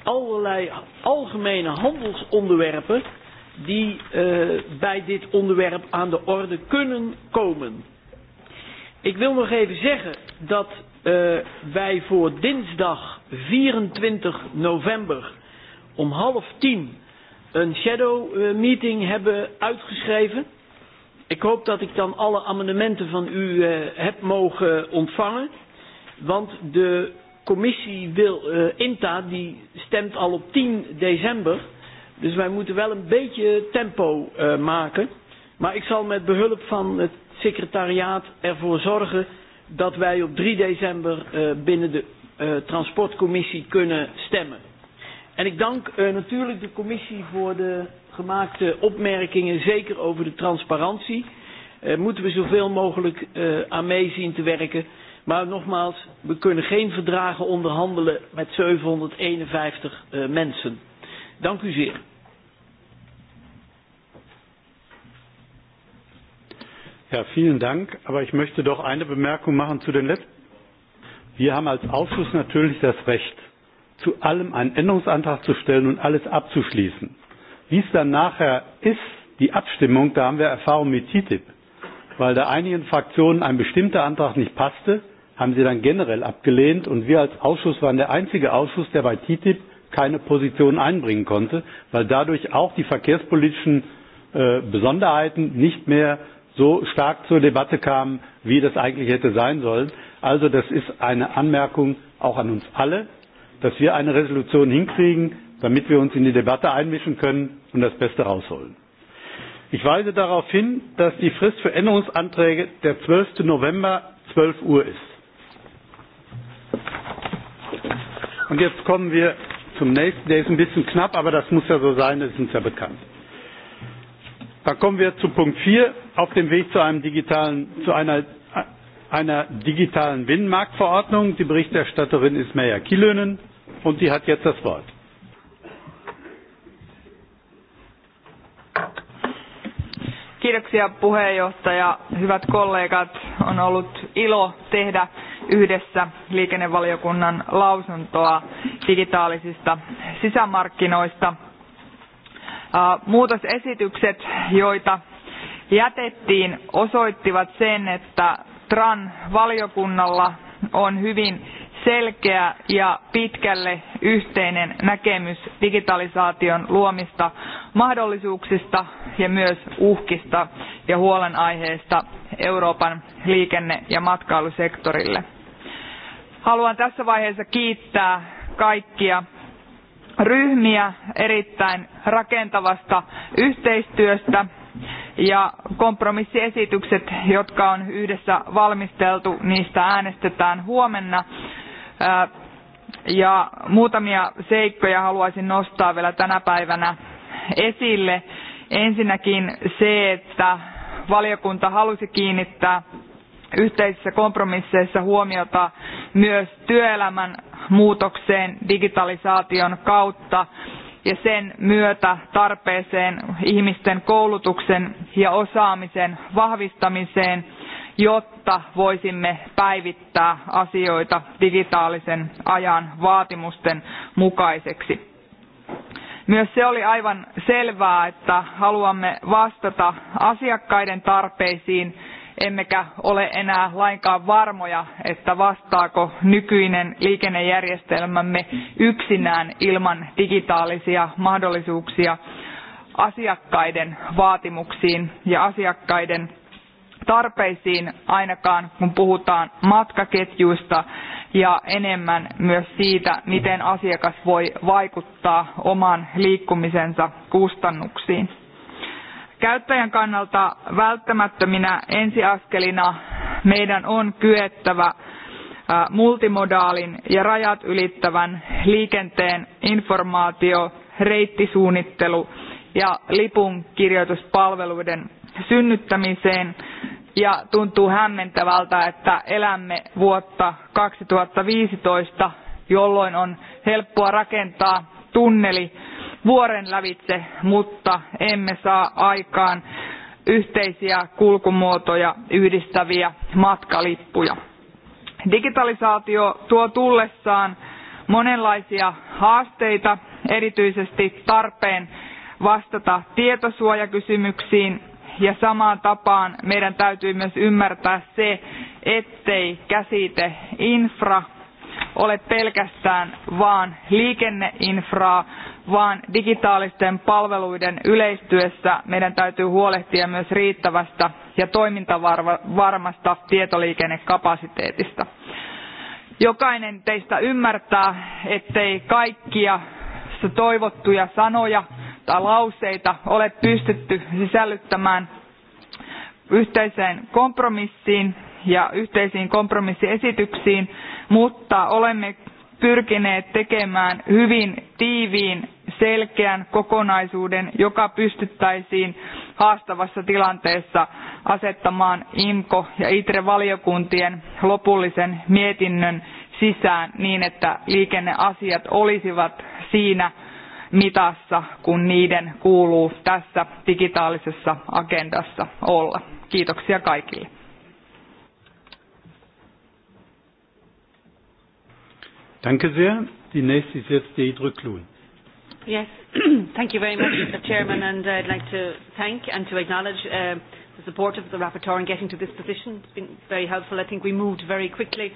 allerlei algemene handelsonderwerpen die uh, bij dit onderwerp aan de orde kunnen komen. Ik wil nog even zeggen dat uh, wij voor dinsdag 24 november om half tien een shadow uh, meeting hebben uitgeschreven. Ik hoop dat ik dan alle amendementen van u uh, heb mogen ontvangen. Want de commissie wil, uh, INTA die stemt al op 10 december. Dus wij moeten wel een beetje tempo uh, maken. Maar ik zal met behulp van het secretariaat ervoor zorgen dat wij op 3 december uh, binnen de uh, transportcommissie kunnen stemmen. En ik dank uh, natuurlijk de commissie voor de gemaakte opmerkingen, zeker over de transparantie. Uh, moeten we zoveel mogelijk uh, aan mee zien te werken. Maar nogmaals, we kunnen geen verdragen onderhandelen met 751 uh, mensen. Dank u zeer. Ja, vielen Dank. Aber ich möchte doch eine Bemerkung machen zu den letzten. Wir haben als Ausschuss natürlich das Recht, zu allem einen Änderungsantrag zu stellen und alles abzuschließen. Wie es dann nachher ist, die Abstimmung, da haben wir Erfahrung mit TTIP. Weil da einigen Fraktionen ein bestimmter Antrag nicht passte, haben sie dann generell abgelehnt und wir als Ausschuss waren der einzige Ausschuss, der bei TTIP keine Position einbringen konnte, weil dadurch auch die verkehrspolitischen äh, Besonderheiten nicht mehr so stark zur Debatte kamen, wie das eigentlich hätte sein sollen. Also das ist eine Anmerkung auch an uns alle, dass wir eine Resolution hinkriegen, damit wir uns in die Debatte einmischen können und das Beste rausholen. Ich weise darauf hin, dass die Frist für Änderungsanträge der 12. November 12 Uhr ist. Und jetzt kommen wir zum nächsten, der ist ein bisschen knapp, aber das muss ja so sein, das ist uns ja bekannt. Da kommen wir zu Punkt 4, auf dem Weg zu, einem digitalen, zu einer, einer digitalen Binnenmarktverordnung. Die Berichterstatterin ist Meja Kilönen und sie hat jetzt das Wort. Kiitoksia puheenjohtaja, hyvät kollegat. On ollut ilo tehdä yhdessä liikennevaliokunnan lausuntoa digitaalisista sisämarkkinoista – Äh, muutosesitykset joita jätettiin osoittivat sen että tran valiokunnalla on hyvin selkeä ja pitkälle yhteinen näkemys digitalisaation luomista mahdollisuuksista ja myös uhkista ja huolenaiheista euroopan liikenne ja matkailusektorille. haluan tässä vaiheessa kiittää kaikkia ryhmiä erittäin rakentavasta yhteistyöstä ja kompromissiesitykset, jotka on yhdessä valmisteltu, niistä äänestetään huomenna. Ja muutamia seikkoja haluaisin nostaa vielä tänä päivänä esille. Ensinnäkin se, että valiokunta halusi kiinnittää yhteisissä kompromisseissa huomiota myös työelämän muutokseen digitalisaation kautta ja sen myötä tarpeeseen ihmisten koulutuksen ja osaamisen vahvistamiseen jotta voisimme päivittää asioita digitaalisen ajan vaatimusten mukaiseksi. Myös se oli aivan selvää, että haluamme vastata asiakkaiden tarpeisiin emmekä ole enää lainkaan varmoja että vastaako nykyinen liikennejärjestelmämme yksinään ilman digitaalisia mahdollisuuksia asiakkaiden vaatimuksiin ja asiakkaiden tarpeisiin ainakaan kun puhutaan matkaketjuista ja enemmän myös siitä miten asiakas voi vaikuttaa oman liikkumisensa kustannuksiin. Käyttäjän kannalta välttämättöminä ensiaskelina meidän on kyettävä multimodaalin ja rajat ylittävän liikenteen informaatio, reittisuunnittelu ja lipun kirjoituspalveluiden synnyttämiseen ja tuntuu hämmentävältä, että elämme vuotta 2015, jolloin on helppoa rakentaa tunneli vuoren lävitse mutta emme saa aikaan yhteisiä kulkumuotoja yhdistäviä matkalippuja. digitalisaatio tuo tullessaan monenlaisia haasteita erityisesti tarpeen vastata tietosuojakysymyksiin ja samaan tapaan meidän täytyy myös ymmärtää se ettei käsite infra ole pelkästään vaan liikenneinfraa vaan digitaalisten palveluiden yleistyessä meidän täytyy huolehtia myös riittävästä ja toimintavarmasta tietoliikennekapasiteetista. Jokainen teistä ymmärtää, ettei kaikkia toivottuja sanoja tai lauseita ole pystytty sisällyttämään yhteiseen kompromissiin ja yhteisiin kompromissiesityksiin, mutta olemme pyrkineet tekemään hyvin tiiviin selkeän kokonaisuuden, joka pystyttäisiin haastavassa tilanteessa asettamaan IMKO ja ITRE-valiokuntien lopullisen mietinnön sisään niin, että liikenneasiat olisivat siinä mitassa, kun niiden kuuluu tässä digitaalisessa agendassa olla. Kiitoksia kaikille. Danke sehr. Die nächste ist jetzt Deidre Klun. Yes. thank you very much, Mr. Chairman, and I'd like to thank and to acknowledge uh, the support of the rapporteur in getting to this position. It's been very helpful. I think we moved very quickly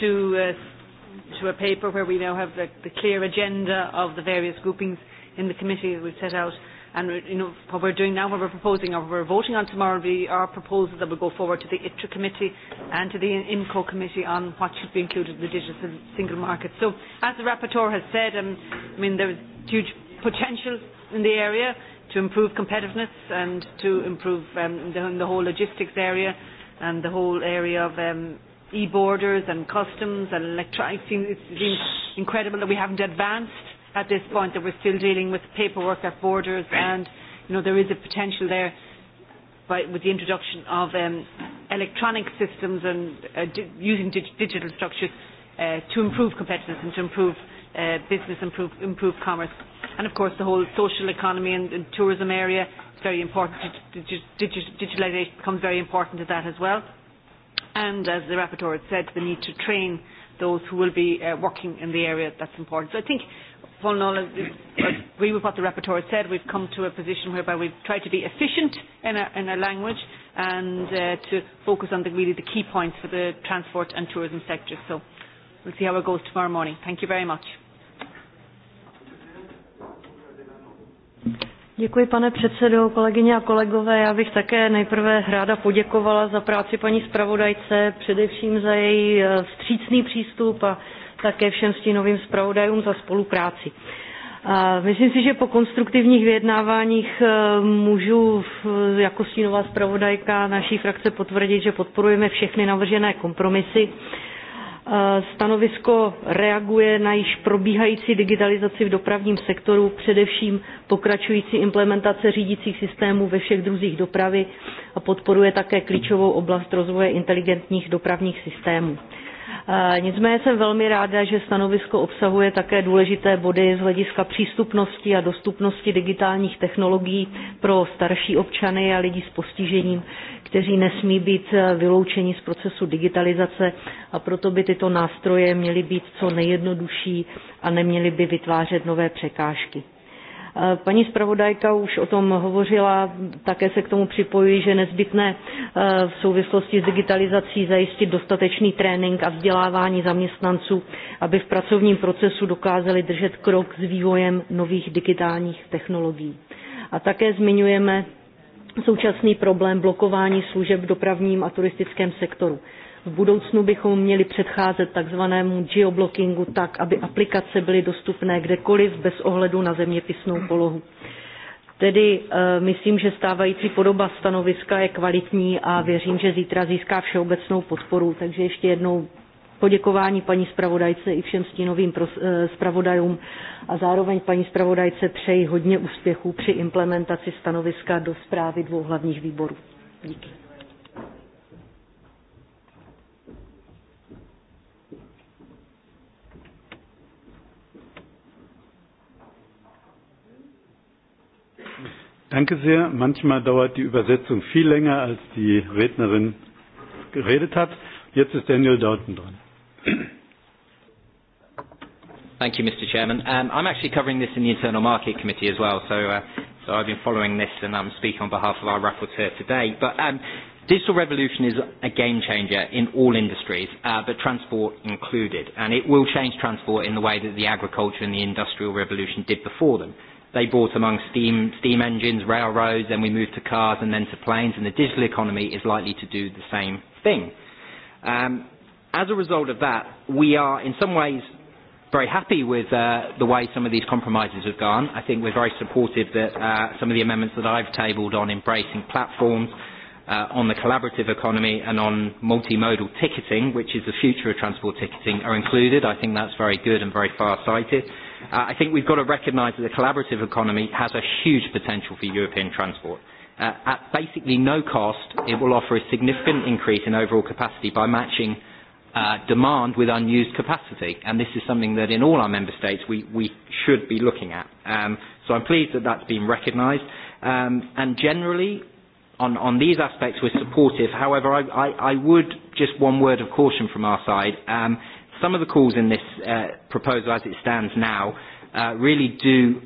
to, uh, to a paper where we now have the, the clear agenda of the various groupings in the committee that we've set out. And you know, what we're doing now, what we're proposing or we're voting on tomorrow will be our proposal that will go forward to the ITRA committee and to the IMCO committee on what should be included in the digital single market. So as the rapporteur has said, um, I mean, there's huge potential in the area to improve competitiveness and to improve um, the, the whole logistics area and the whole area of um, e-borders and customs and electronic. It seems, it seems incredible that we haven't advanced at this point, that we're still dealing with paperwork at borders and you know, there is a potential there by, with the introduction of um, electronic systems and uh, di using dig digital structures uh, to improve competitiveness and to improve uh, uh, business improve, improve commerce. And of course the whole social economy and, and tourism area is very important. Digi digi digitalisation becomes very important to that as well. And as the rapporteur had said, the need to train those who will be uh, working in the area, that's important. So I think all in all, I agree with what the rapporteur said. We've come to a position whereby we've tried to be efficient in our, in our language and uh, to focus on the, really the key points for the transport and tourism sector. So We'll see how it goes tomorrow morning. Thank you very much. Děkuji, pane předsedo, kolegyně a kolegové. Já bych také nejprve ráda poděkovala za práci paní zpravodajce, především za její eh, vstřícný přístup a také všem stínovým zpravodajům za spolupráci. Myslím si, že po konstruktivních vyjednáváních eh, můžu eh, jako stínová zpravodajka naší frakce potvrdit, že podporujeme všechny navržené kompromisy Stanovisko reaguje na již probíhající digitalizaci v dopravním sektoru, především pokračující implementace řídících systémů ve všech druzích dopravy a podporuje také klíčovou oblast rozvoje inteligentních dopravních systémů. Eh, nicméně jsem velmi ráda, že stanovisko obsahuje také důležité body z hlediska přístupnosti a dostupnosti digitálních technologií pro starší občany a lidi s postižením, kteří nesmí být eh, vyloučeni z procesu digitalizace a proto by tyto nástroje měly být co nejjednodušší a neměly by vytvářet nové překážky. Paní zpravodajka už o tom hovořila, také se k tomu připojuji, že nezbytné e, v souvislosti s digitalizací zajistit dostatečný trénink a vzdělávání zaměstnanců, aby v pracovním procesu dokázali držet krok s vývojem nových digitálních technologií. A také zmiňujeme současný problém blokování služeb v dopravním a turistickém sektoru V budoucnu bychom měli předcházet takzvanému geoblockingu tak, aby aplikace byly dostupné kdekoliv bez ohledu na zeměpisnou polohu. Tedy e, myslím, že stávající podoba stanoviska je kvalitní a věřím, že zítra získá všeobecnou podporu. Takže ještě jednou poděkování paní zpravodajce i všem stínovým eh, zpravodajům a zároveň paní zpravodajce přeji hodně úspěchů při implementaci stanoviska do zprávy dvou hlavních výborů. Díky. Danke sehr. Manchmal dauert die Übersetzung viel länger, als die Rednerin geredet hat. Jetzt ist Daniel Dalton dran. Thank you, Mr. Chairman. Um, I'm actually covering this in the Internal Market Committee as well, so, uh, so I've been following this and I'm speaking on behalf of our rapporteur today. But um, digital revolution is a game changer in all industries, uh, but transport included. And it will change transport in the way that the agriculture and the industrial revolution did before them. Uh, They brought among steam, steam engines, railroads, then we moved to cars and then to planes, and the digital economy is likely to do the same thing. Um, as a result of that, we are in some ways very happy with uh, the way some of these compromises have gone. I think we're very supportive that uh, some of the amendments that I've tabled on embracing platforms, uh, on the collaborative economy and on multimodal ticketing, which is the future of transport ticketing, are included. I think that's very good and very far-sighted. Uh, I think we've got to recognise that the collaborative economy has a huge potential for European transport. Uh, at basically no cost, it will offer a significant increase in overall capacity by matching uh, demand with unused capacity. And this is something that in all our member states we, we should be looking at. Um, so I'm pleased that that's been recognised. Um, and generally, on, on these aspects, we're supportive. However, I, I, I would just one word of caution from our side. Um, some of the calls in this uh, proposal as it stands now uh, really do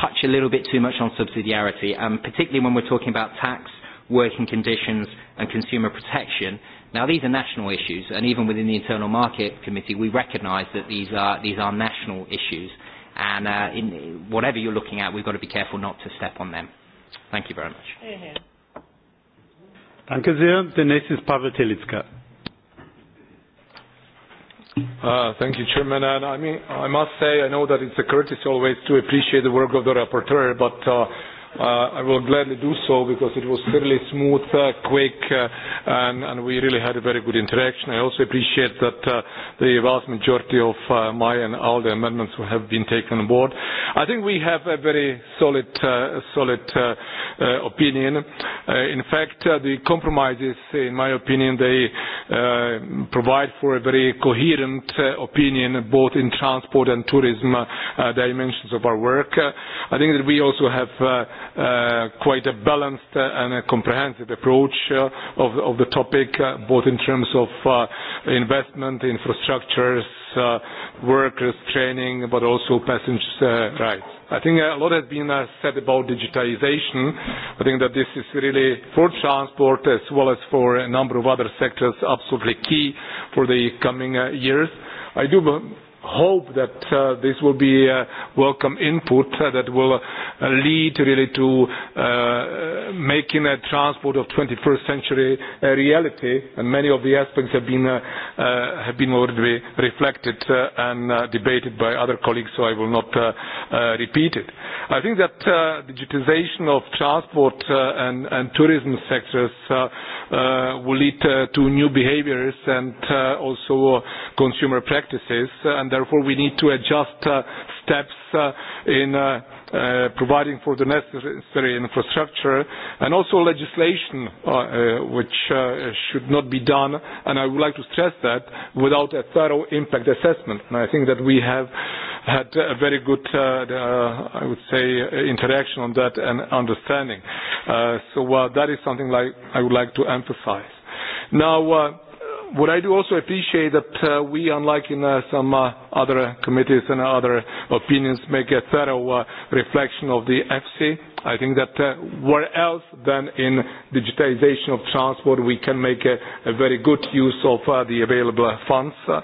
touch a little bit too much on subsidiarity, um, particularly when we're talking about tax, working conditions and consumer protection. Now these are national issues and even within the Internal Market Committee we recognise that these are, these are national issues and uh, in, whatever you're looking at we've got to be careful not to step on them. Thank you very much. Danke sehr. Der nächste ist Pavel Telitska. Uh, thank you, Chairman. And I mean, I must say, I know that it's a courtesy always to appreciate the work of the rapporteur, but uh, Uh, I will gladly do so because it was fairly smooth, uh, quick, uh, and, and we really had a very good interaction. I also appreciate that uh, the vast majority of uh, my and all the amendments have been taken on board. I think we have a very solid, uh, solid uh, uh, opinion. Uh, in fact, uh, the compromises, in my opinion, they uh, provide for a very coherent uh, opinion both in transport and tourism uh, dimensions of our work. Uh, I think that we also have uh, uh, quite a balanced uh, and a comprehensive approach uh, of, of the topic, uh, both in terms of uh, investment, infrastructures, uh, workers, training, but also passengers' uh, rights. I think a lot has been uh, said about digitization. I think that this is really, for transport as well as for a number of other sectors, absolutely key for the coming uh, years. I do hope that uh, this will be a welcome input uh, that will uh, lead really to uh, making a transport of 21st century a uh, reality and many of the aspects have been uh, uh, have been already reflected uh, and uh, debated by other colleagues so I will not uh, uh, repeat it. I think that uh, digitization of transport uh, and, and tourism sectors uh, uh, will lead uh, to new behaviors and uh, also uh, consumer practices uh, and therefore we need to adjust uh, steps uh, in uh, uh, providing for the necessary infrastructure and also legislation uh, uh, which uh, should not be done and I would like to stress that without a thorough impact assessment and I think that we have had a very good uh, uh, I would say uh, interaction on that and understanding uh, so uh, that is something like I would like to emphasize now uh, What I do also appreciate that uh, we, unlike in uh, some uh, other committees and other opinions, make a thorough uh, reflection of the FC. I think that uh, where else than in digitization of transport we can make a, a very good use of uh, the available funds. Uh,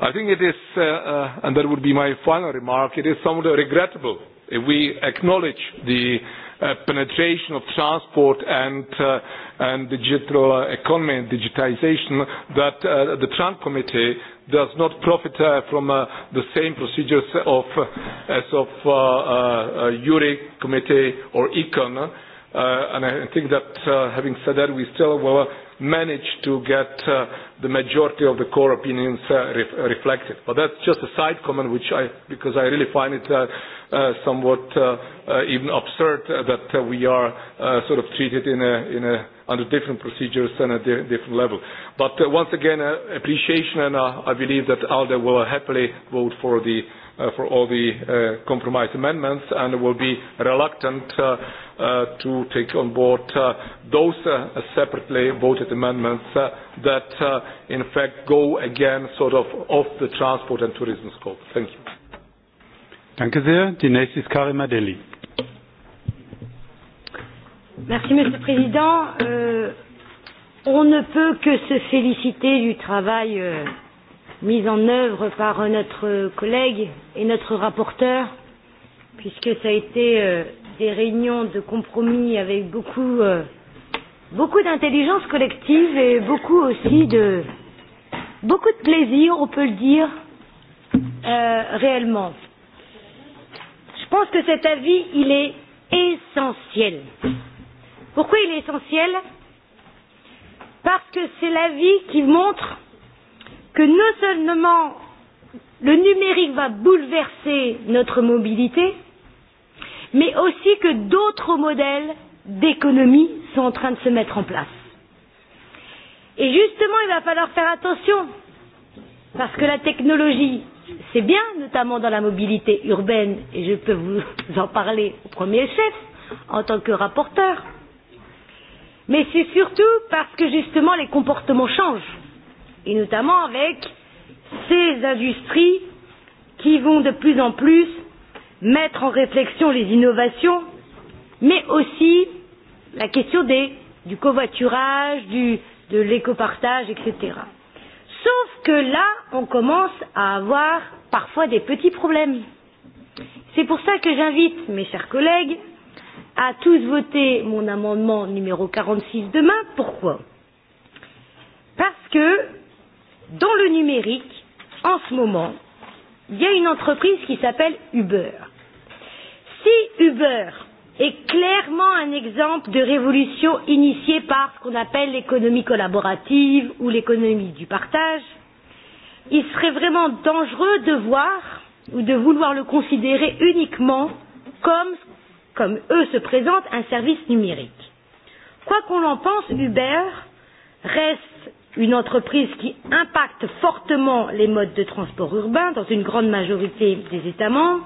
I think it is, uh, uh, and that would be my final remark, it is somewhat regrettable if we acknowledge the uh, uh, penetration of transport and, uh, and digital uh, economy and digitization that uh, the Trump Committee does not profit uh, from uh, the same procedures of, uh, as of uh, uh, uh URI Committee or ECON. Uh, Uh, and I think that uh, having said that, we still will manage to get uh, the majority of the core opinions uh, re reflected. But that's just a side comment, which I, because I really find it uh, uh, somewhat uh, uh, even absurd uh, that uh, we are uh, sort of treated in a, in a, under different procedures and at a different level. But uh, once again, uh, appreciation, and uh, I believe that ALDE will happily vote for the uh, uh, for all the uh, compromise amendments and will be reluctant uh, uh, to take on board uh, those uh, separately voted amendments uh, that uh, in fact go again sort of off the transport and tourism scope. Thank you. Danke sehr. Die nächste ist Karima Deli. Merci, Monsieur le Président. Euh, on ne peut que se féliciter du travail euh, mise en œuvre par euh, notre collègue et notre rapporteur, puisque ça a été euh, des réunions de compromis avec beaucoup, euh, beaucoup d'intelligence collective et beaucoup aussi de beaucoup de plaisir, on peut le dire euh, réellement. Je pense que cet avis, il est essentiel. Pourquoi il est essentiel Parce que c'est l'avis qui montre que non seulement le numérique va bouleverser notre mobilité, mais aussi que d'autres modèles d'économie sont en train de se mettre en place. Et justement, il va falloir faire attention, parce que la technologie, c'est bien, notamment dans la mobilité urbaine, et je peux vous en parler au premier chef, en tant que rapporteur, mais c'est surtout parce que justement les comportements changent et notamment avec ces industries qui vont de plus en plus mettre en réflexion les innovations, mais aussi la question des, du covoiturage, du, de l'écopartage, etc. Sauf que là, on commence à avoir parfois des petits problèmes. C'est pour ça que j'invite mes chers collègues à tous voter mon amendement numéro 46 demain. Pourquoi Parce que dans le numérique, en ce moment, il y a une entreprise qui s'appelle Uber. Si Uber est clairement un exemple de révolution initiée par ce qu'on appelle l'économie collaborative ou l'économie du partage, il serait vraiment dangereux de voir ou de vouloir le considérer uniquement comme, comme eux se présentent, un service numérique. Quoi qu'on en pense, Uber reste une entreprise qui impacte fortement les modes de transport urbain dans une grande majorité des États membres.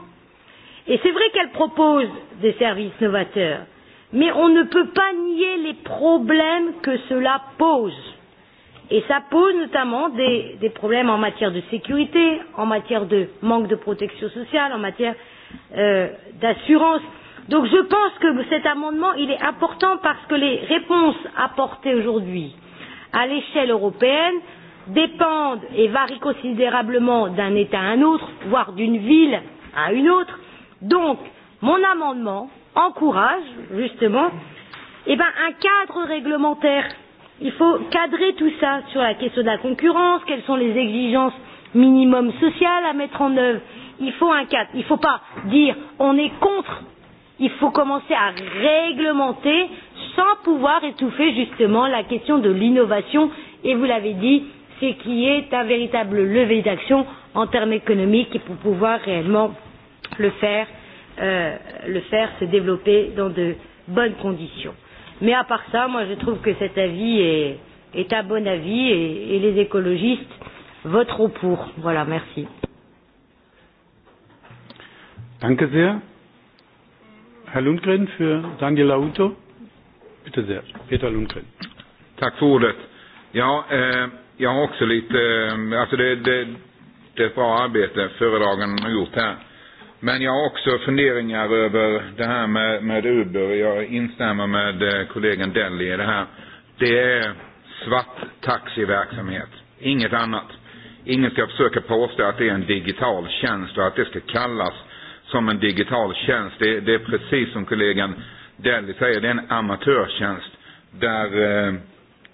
Et c'est vrai qu'elle propose des services novateurs, mais on ne peut pas nier les problèmes que cela pose. Et ça pose notamment des, des problèmes en matière de sécurité, en matière de manque de protection sociale, en matière euh, d'assurance. Donc je pense que cet amendement, il est important parce que les réponses apportées aujourd'hui euh, à l'échelle européenne dépendent et varient considérablement d'un État à un autre, voire d'une ville à une autre. Donc, mon amendement encourage justement eh ben, un cadre réglementaire. Il faut cadrer tout ça sur la question de la concurrence, quelles sont les exigences minimum social à mettre en œuvre. Il faut un cadre. Il ne faut pas dire on est contre. Il faut commencer à réglementer sans pouvoir étouffer justement la question de l'innovation et vous l'avez dit, c'est qui est un véritable levier d'action en termes économiques et pour pouvoir réellement le faire, euh, le faire se développer dans de bonnes conditions. Mais à part ça, moi je trouve que cet avis est, est un bon avis et, et les écologistes voteront pour. Voilà, merci. Danke sehr. Herr Lundgren für Daniel Auto. Bitte sehr, Peter Lundgren. Tack för ordet. Ja, eh, jag har också lite, eh, alltså det, det, det är ett bra arbete föredragen har gjort här. Men jag har också funderingar över det här med, med Uber. Jag instämmer med eh, kollegan Delli i det här. Det är svart taxiverksamhet, inget annat. Ingen ska försöka påstå att det är en digital tjänst och att det ska kallas som en digital tjänst. Det, det är precis som kollegan det vill säga det är en amatörtjänst där eh,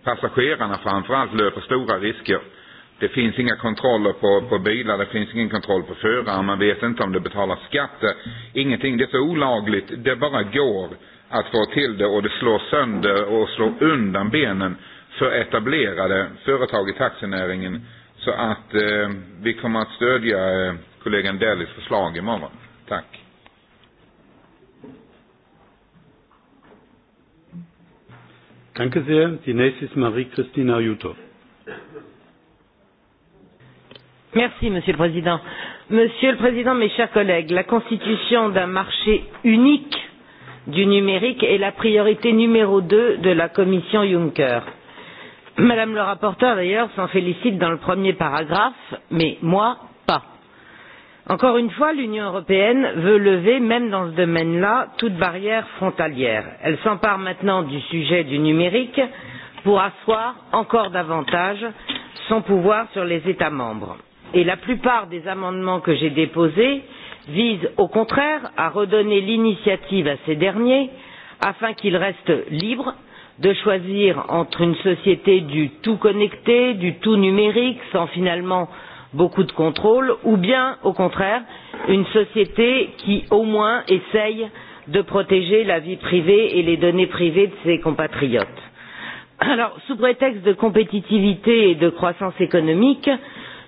passagerarna framförallt löper stora risker. Det finns inga kontroller på, på bilar, det finns ingen kontroll på förare, man vet inte om det betalar skatter. Ingenting, det är så olagligt det bara går att få till det och det slår sönder och slår undan benen för etablerade företag i taxinäringen. Så att eh, vi kommer att stödja eh, kollegan Dellis förslag imorgon. Tack. Danke sehr. Die nächste ist Marie-Christina Jutow. Merci, Monsieur le Président. Monsieur le Président, mes chers collègues, la constitution d'un marché unique du numérique est la priorité numéro deux de la Commission Juncker. Madame le rapporteur, d'ailleurs, s'en félicite dans le premier paragraphe, mais moi, pas encore une fois l'union européenne veut lever même dans ce domaine là toute barrière frontalière. elle s'empare maintenant du sujet du numérique pour asseoir encore davantage son pouvoir sur les états membres et la plupart des amendements que j'ai déposés visent au contraire à redonner l'initiative à ces derniers afin qu'ils restent libres de choisir entre une société du tout connecté du tout numérique sans finalement beaucoup de contrôles ou bien au contraire une société qui au moins essaye de protéger la vie privée et les données privées de ses compatriotes. Alors, sous prétexte de compétitivité et de croissance économique,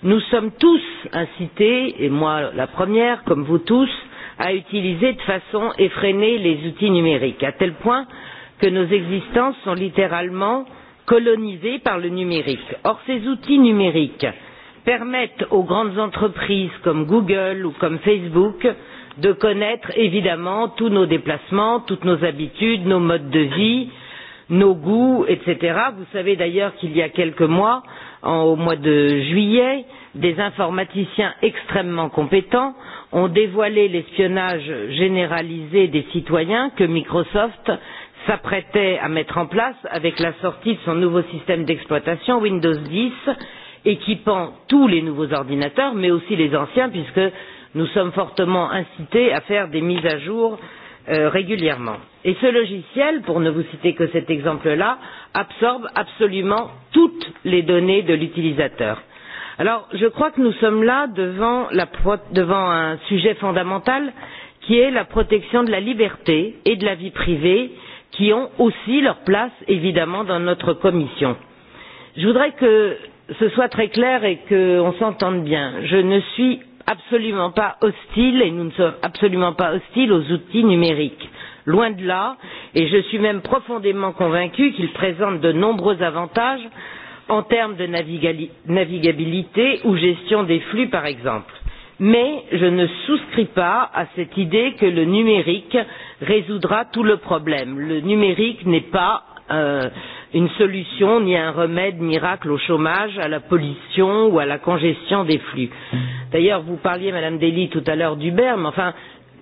nous sommes tous incités, et moi la première, comme vous tous, à utiliser de façon effrénée les outils numériques, à tel point que nos existences sont littéralement colonisées par le numérique. Or, ces outils numériques permettent aux grandes entreprises comme Google ou comme Facebook de connaître évidemment tous nos déplacements, toutes nos habitudes, nos modes de vie, nos goûts, etc. Vous savez d'ailleurs qu'il y a quelques mois, en, au mois de juillet, des informaticiens extrêmement compétents ont dévoilé l'espionnage généralisé des citoyens que Microsoft s'apprêtait à mettre en place avec la sortie de son nouveau système d'exploitation Windows 10 équipant tous les nouveaux ordinateurs, mais aussi les anciens, puisque nous sommes fortement incités à faire des mises à jour euh, régulièrement. Et ce logiciel, pour ne vous citer que cet exemple-là, absorbe absolument toutes les données de l'utilisateur. Alors, je crois que nous sommes là devant, la, devant un sujet fondamental qui est la protection de la liberté et de la vie privée, qui ont aussi leur place, évidemment, dans notre commission. Je voudrais que ce soit très clair et qu'on s'entende bien. Je ne suis absolument pas hostile et nous ne sommes absolument pas hostiles aux outils numériques. Loin de là, et je suis même profondément convaincue qu'ils présentent de nombreux avantages en termes de navigabilité ou gestion des flux, par exemple. Mais je ne souscris pas à cette idée que le numérique résoudra tout le problème. Le numérique n'est pas euh, une solution ni un remède miracle au chômage, à la pollution ou à la congestion des flux. D'ailleurs, vous parliez, Madame Dely, tout à l'heure d'Uber, mais enfin,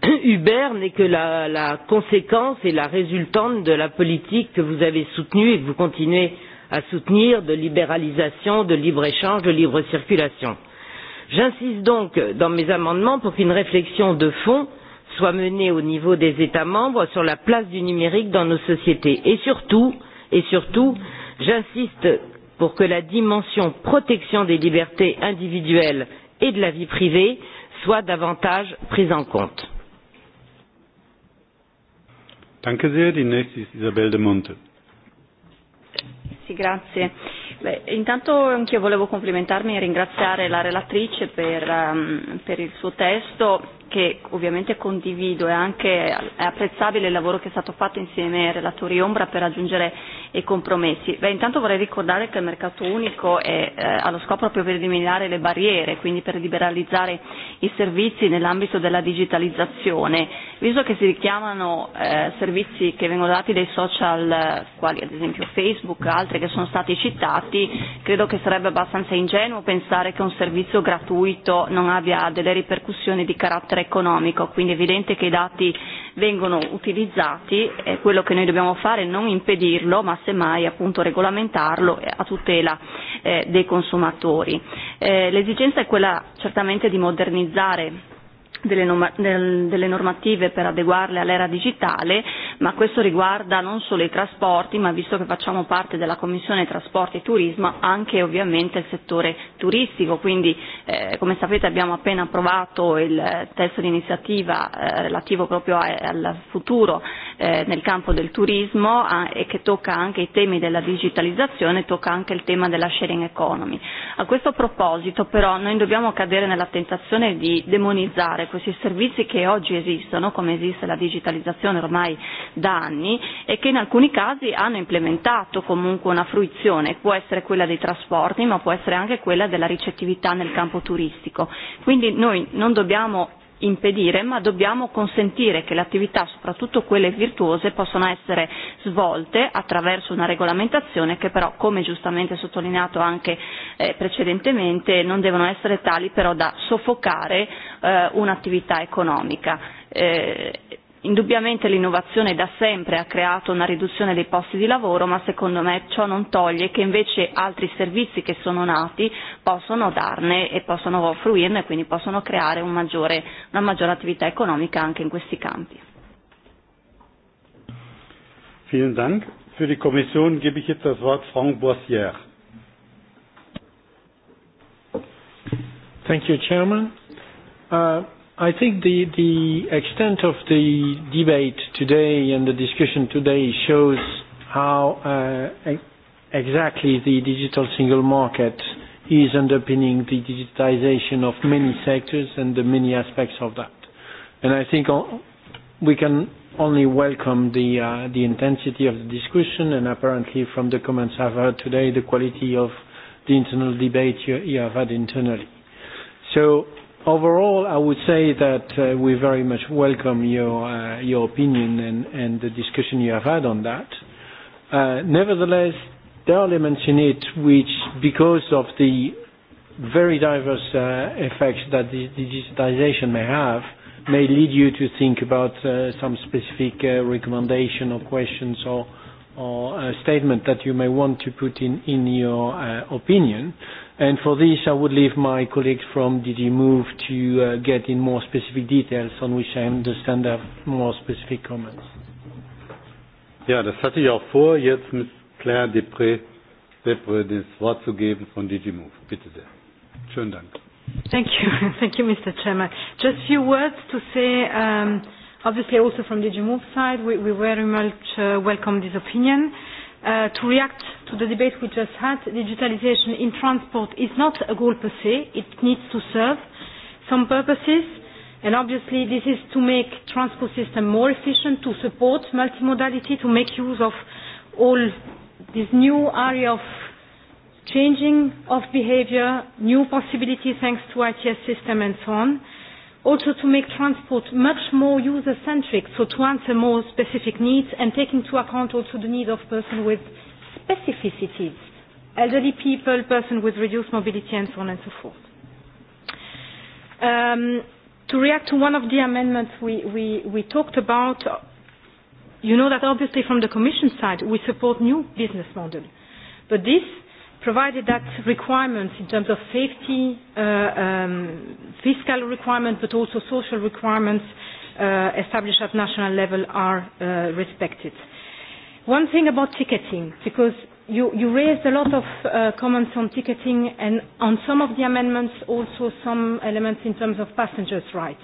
Uber n'est que la, la conséquence et la résultante de la politique que vous avez soutenue et que vous continuez à soutenir de libéralisation, de libre-échange, de libre circulation. J'insiste donc dans mes amendements pour qu'une réflexion de fond soit menée au niveau des États membres sur la place du numérique dans nos sociétés et surtout euh, et surtout j'insiste pour que la dimension protection des libertés individuelles et de la vie privée soit davantage prise en compte. Danke sehr. Die nächste ist Isabel de Monte. Sì, grazie. Beh, intanto anch'io volevo complimentarmi e ringraziare la relatrice per, um, per il suo testo che ovviamente condivido e anche è apprezzabile il lavoro che è stato fatto insieme ai relatori Ombra per raggiungere i compromessi. Beh, intanto vorrei ricordare che il mercato unico è eh, allo scopo proprio per eliminare le barriere, quindi per liberalizzare i servizi nell'ambito della digitalizzazione. Visto che si richiamano eh, servizi che vengono dati dai social, quali ad esempio Facebook, altri che sono stati citati, credo che sarebbe abbastanza ingenuo pensare che un servizio gratuito non abbia delle ripercussioni di carattere economico, quindi è evidente che i dati vengono utilizzati e quello che noi dobbiamo fare è non impedirlo ma semmai appunto regolamentarlo e a tutela eh, dei consumatori. Eh, l'esigenza è quella certamente di modernizzare delle, delle normative per adeguarle all'era digitale, ma questo riguarda non solo i trasporti, ma visto che facciamo parte della Commissione Trasporti e Turismo, anche ovviamente il settore turistico. Quindi, eh, come sapete, abbiamo appena approvato il testo di iniziativa eh, relativo proprio a, al futuro eh, nel campo del turismo eh, e che tocca anche i temi della digitalizzazione, tocca anche il tema della sharing economy. A questo proposito, però, noi dobbiamo cadere nella tentazione di demonizzare questi servizi che oggi esistono, come esiste la digitalizzazione ormai da anni, e che in alcuni casi hanno implementato comunque una fruizione, può essere quella dei trasporti, ma può essere anche quella della ricettività nel campo turistico. Quindi noi non dobbiamo impedire ma dobbiamo consentire che le attività soprattutto quelle virtuose possano essere svolte attraverso una regolamentazione che però come giustamente sottolineato anche eh, precedentemente non devono essere tali però da soffocare eh, un'attività economica. Eh, Indubbiamente l'innovazione da sempre ha creato una riduzione dei posti di lavoro, ma secondo me ciò non toglie che invece altri servizi che sono nati possono darne e possono fruirne e quindi possono creare un maggiore, una maggiore attività economica anche in questi campi. Vielen Dank. Für die Kommission gebe ich jetzt das Wort Franck Boissière. Thank you, Chairman. Uh, I think the, the extent of the debate today and the discussion today shows how uh, e-, exactly the digital single market is underpinning the digitization of many sectors and the many aspects of that. And I think uh, we can only welcome the, uh, the intensity of the discussion and apparently from the comments I've heard today, the quality of the internal debate you, you have had internally. So Overall, I would say that uh, we very much welcome your, uh, your opinion and, and the discussion you have had on that. Uh, nevertheless, there are elements in it which, because of the very diverse uh, effects that the digitization may have, may lead you to think about uh, some specific uh, recommendation or questions or or a statement that you may want to put in, in your uh, opinion. And for this, I would leave my colleagues from DG Move to uh, get in more specific details on which I understand have more specific comments. Ja, das hatte ich auch vor, jetzt Ms. Claire Depré, Depré das Wort zu geben von DG Move. Bitte sehr. Schönen Dank. Thank you. Thank you, Mr. Chairman. Just a few words to say um, Obviously, also from DG Move side, we, we very much uh, welcome this opinion. Uh, to react to the debate we just had, digitalization in transport is not a goal per se. It needs to serve some purposes, and obviously this is to make transport system more efficient, to support multimodality, to make use of all this new area of changing of behavior, new possibilities thanks to ITS system and so on also to make transport much more user-centric, so to answer more specific needs and take into account also the need of persons with specificities, elderly people, persons with reduced mobility, and so on and so forth. Um, to react to one of the amendments we, we, we talked about, you know that obviously from the Commission side we support new business models. But this provided that requirements in terms of safety, uh, um, fiscal requirements, but also social requirements uh, established at national level are uh, respected. One thing about ticketing, because you, you raised a lot of uh, comments on ticketing and on some of the amendments also some elements in terms of passengers' rights.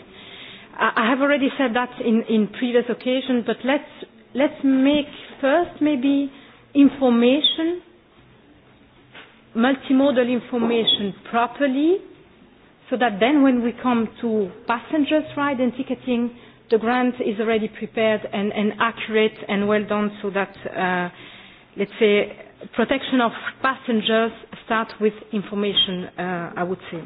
I, I have already said that in, in previous occasions, but let's, let's make first maybe information multimodal information properly so that then when we come to passengers' ride and ticketing, the grant is already prepared and, and accurate and well done so that, uh, let's say, protection of passengers start with information, uh, I would say.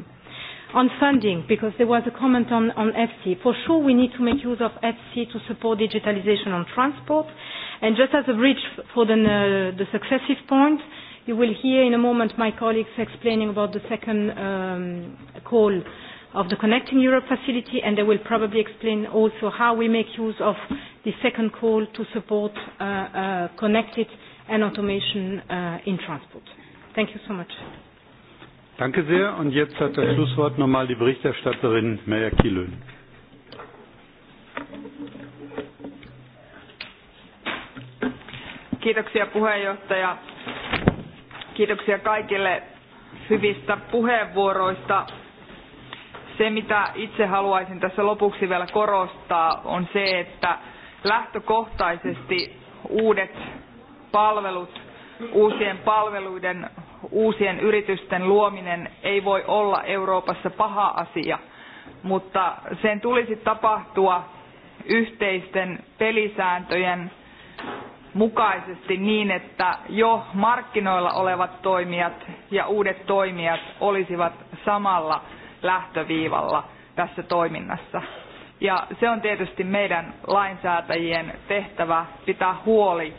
On funding, because there was a comment on, on FC. For sure, we need to make use of FC to support digitalization on transport. And just as a bridge for the, uh, the successive point, uh, You will hear in a moment my colleagues explaining about the second um, call of the Connecting Europe facility, and they will probably explain also how we make use of the second call to support uh, uh, connected and automation uh, in transport. Thank you so much. Danke sehr. Und jetzt hat das Schlusswort nochmal die Berichterstatterin Meyer Kielön. Kiitoksia puheenjohtaja. Kiitoksia kaikille hyvistä puheenvuoroista. Se, mitä itse haluaisin tässä lopuksi vielä korostaa, on se, että lähtökohtaisesti uudet palvelut, uusien palveluiden, uusien yritysten luominen ei voi olla Euroopassa paha asia, mutta sen tulisi tapahtua yhteisten pelisääntöjen mukaisesti niin, että jo markkinoilla olevat toimijat ja uudet toimijat olisivat samalla lähtöviivalla tässä toiminnassa. Ja se on tietysti meidän lainsäätäjien tehtävä pitää huoli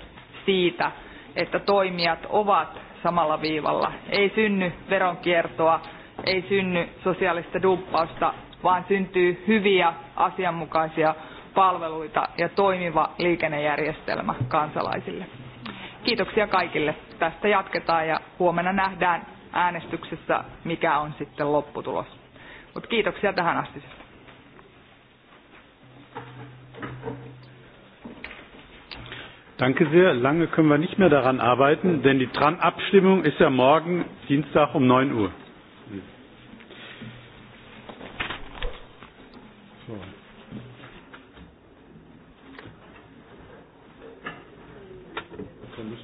siitä, että toimijat ovat samalla viivalla. Ei synny veronkiertoa, ei synny sosiaalista dumppausta, vaan syntyy hyviä asianmukaisia palveluita ja toimiva liikennejärjestelmä kansalaisille. Kiitoksia kaikille. Tästä jatketaan ja huomenna nähdään äänestyksessä, mikä on sitten lopputulos. Mutta kiitoksia tähän asti. Danke sehr. Lange können wir nicht mehr daran arbeiten, denn die Tran-Abstimmung ist ja morgen Dienstag um 9 Uhr.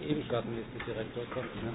Ewig warten, bis die Direktor kommt. Ne?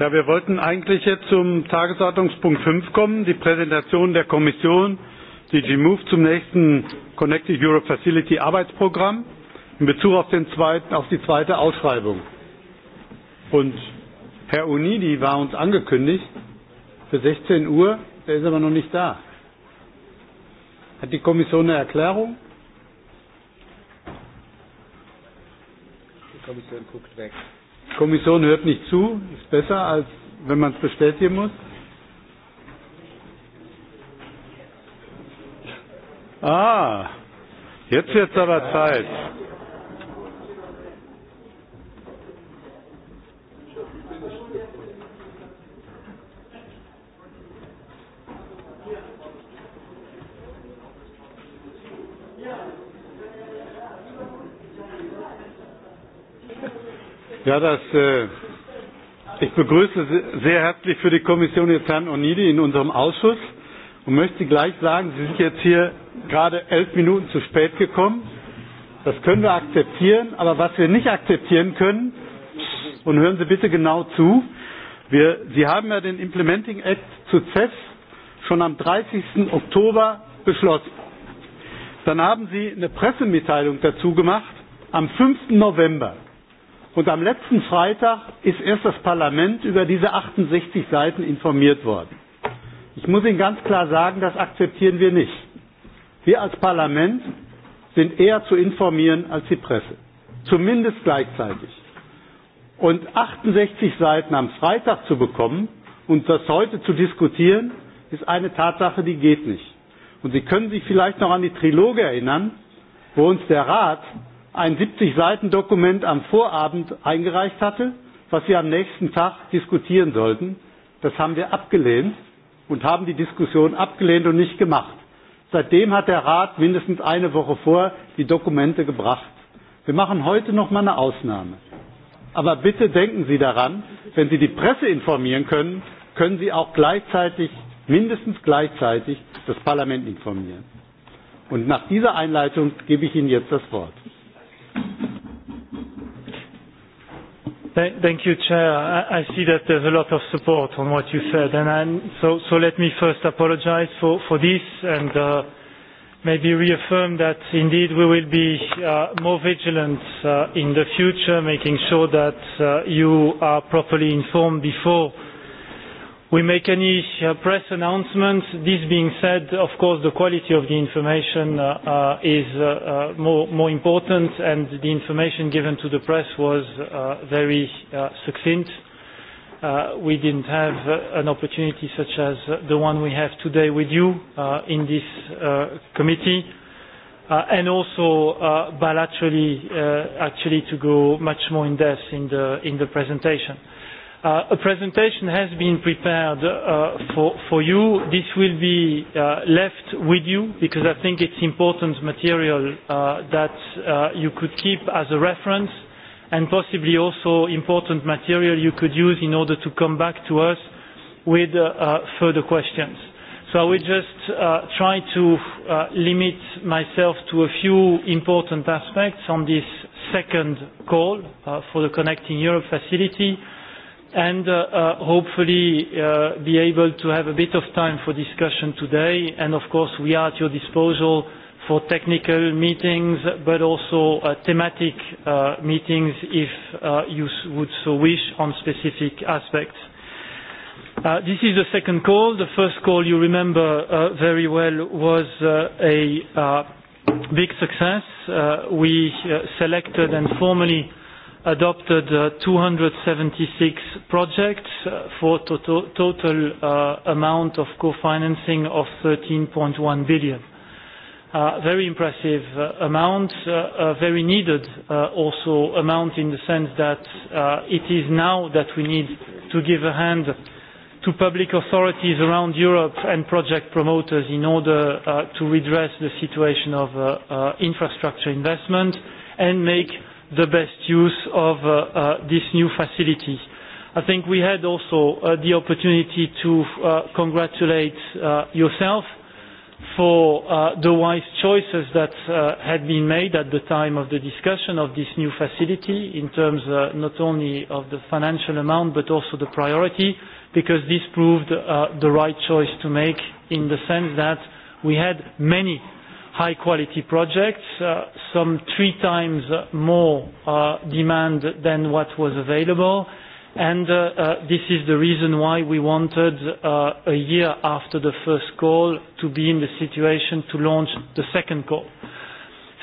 Ja, wir wollten eigentlich jetzt zum Tagesordnungspunkt 5 kommen, die Präsentation der Kommission DG Move zum nächsten Connected Europe Facility Arbeitsprogramm in Bezug auf, den zweiten, auf die zweite Ausschreibung. Und Herr Unidi war uns angekündigt für 16 Uhr, der ist er aber noch nicht da. Hat die Kommission eine Erklärung? Die Kommission guckt weg. Kommission hört nicht zu, ist besser, als wenn man es bestätigen muss. Ah, jetzt wird es aber Zeit. Ja, das, äh, ich begrüße sehr herzlich für die Kommission jetzt Herrn Onidi in unserem Ausschuss und möchte gleich sagen, Sie sind jetzt hier gerade elf Minuten zu spät gekommen. Das können wir akzeptieren, aber was wir nicht akzeptieren können, und hören Sie bitte genau zu, wir, Sie haben ja den Implementing Act zu CES schon am 30. Oktober beschlossen. Dann haben Sie eine Pressemitteilung dazu gemacht am 5. November. Und am letzten Freitag ist erst das Parlament über diese 68 Seiten informiert worden. Ich muss Ihnen ganz klar sagen, das akzeptieren wir nicht. Wir als Parlament sind eher zu informieren als die Presse. Zumindest gleichzeitig. Und 68 Seiten am Freitag zu bekommen und das heute zu diskutieren, ist eine Tatsache, die geht nicht. Und Sie können sich vielleicht noch an die Triloge erinnern, wo uns der Rat ein 70 Seiten Dokument am Vorabend eingereicht hatte, was wir am nächsten Tag diskutieren sollten. Das haben wir abgelehnt und haben die Diskussion abgelehnt und nicht gemacht. Seitdem hat der Rat mindestens eine Woche vor die Dokumente gebracht. Wir machen heute noch mal eine Ausnahme. Aber bitte denken Sie daran, wenn Sie die Presse informieren können, können Sie auch gleichzeitig, mindestens gleichzeitig, das Parlament informieren. Und nach dieser Einleitung gebe ich Ihnen jetzt das Wort. Thank you, Chair. I see that there's a lot of support on what you said, and I'm, so, so let me first apologize for, for this and uh, maybe reaffirm that indeed we will be uh, more vigilant uh, in the future, making sure that uh, you are properly informed before we make any uh, press announcements. This being said, of course, the quality of the information uh, uh, is uh, uh, more, more important, and the information given to the press was uh, very uh, succinct. Uh, we didn't have uh, an opportunity such as the one we have today with you uh, in this uh, committee. Uh, and also uh, bilaterally, uh, actually, to go much more in depth in the, in the presentation. Uh, Uh, a presentation has been prepared uh, for, for you. This will be uh, left with you because I think it's important material uh, that uh, you could keep as a reference and possibly also important material you could use in order to come back to us with uh, uh, further questions. So I will just uh, try to uh, limit myself to a few important aspects on this second call uh, for the Connecting Europe facility. Uh, and uh, uh, hopefully uh, be able to have a bit of time for discussion today. And of course, we are at your disposal for technical meetings, but also uh, thematic uh, meetings if uh, you would so wish on specific aspects. Uh, this is the second call. The first call, you remember uh, very well, was uh, a uh, big success. Uh, we uh, selected and formally uh, adopted uh, 276 projects uh, for to total uh, amount of co-financing of 13.1 billion. Uh, very impressive uh, amount, uh, uh, very needed uh, also amount in the sense that uh, it is now that we need to give a hand to public authorities around Europe and project promoters in order uh, to redress the situation of uh, uh, infrastructure investment and make uh, the best use of uh, uh, this new facility. I think we had also uh, the opportunity to uh, congratulate uh, yourself for uh, the wise choices that uh, had been made at the time of the discussion of this new facility in terms uh, not only of the financial amount but also the priority because this proved uh, the right choice to make in the sense that we had many high quality projects, uh, some three times more uh, demand than what was available. And uh, uh, this is the reason why we wanted uh, a year after the first call to be in the situation to launch the second call.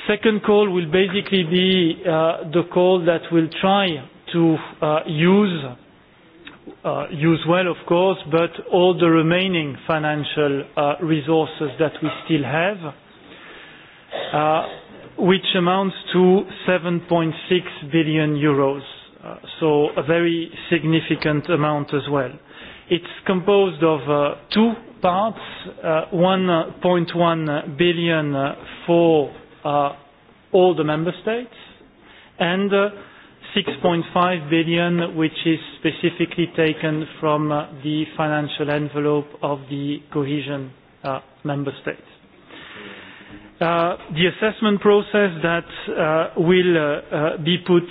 Second call will basically be uh, the call that will try to uh, use uh, use well, of course, but all the remaining financial uh, resources that we still have uh, which amounts to 7.6 billion euros, uh, so a very significant amount as well. It's composed of uh, two parts, 1.1 uh, billion for uh, all the member states, and 6.5 uh, billion, which is specifically taken from the financial envelope of the cohesion member states. Uh, the assessment process that uh, will uh, uh, be put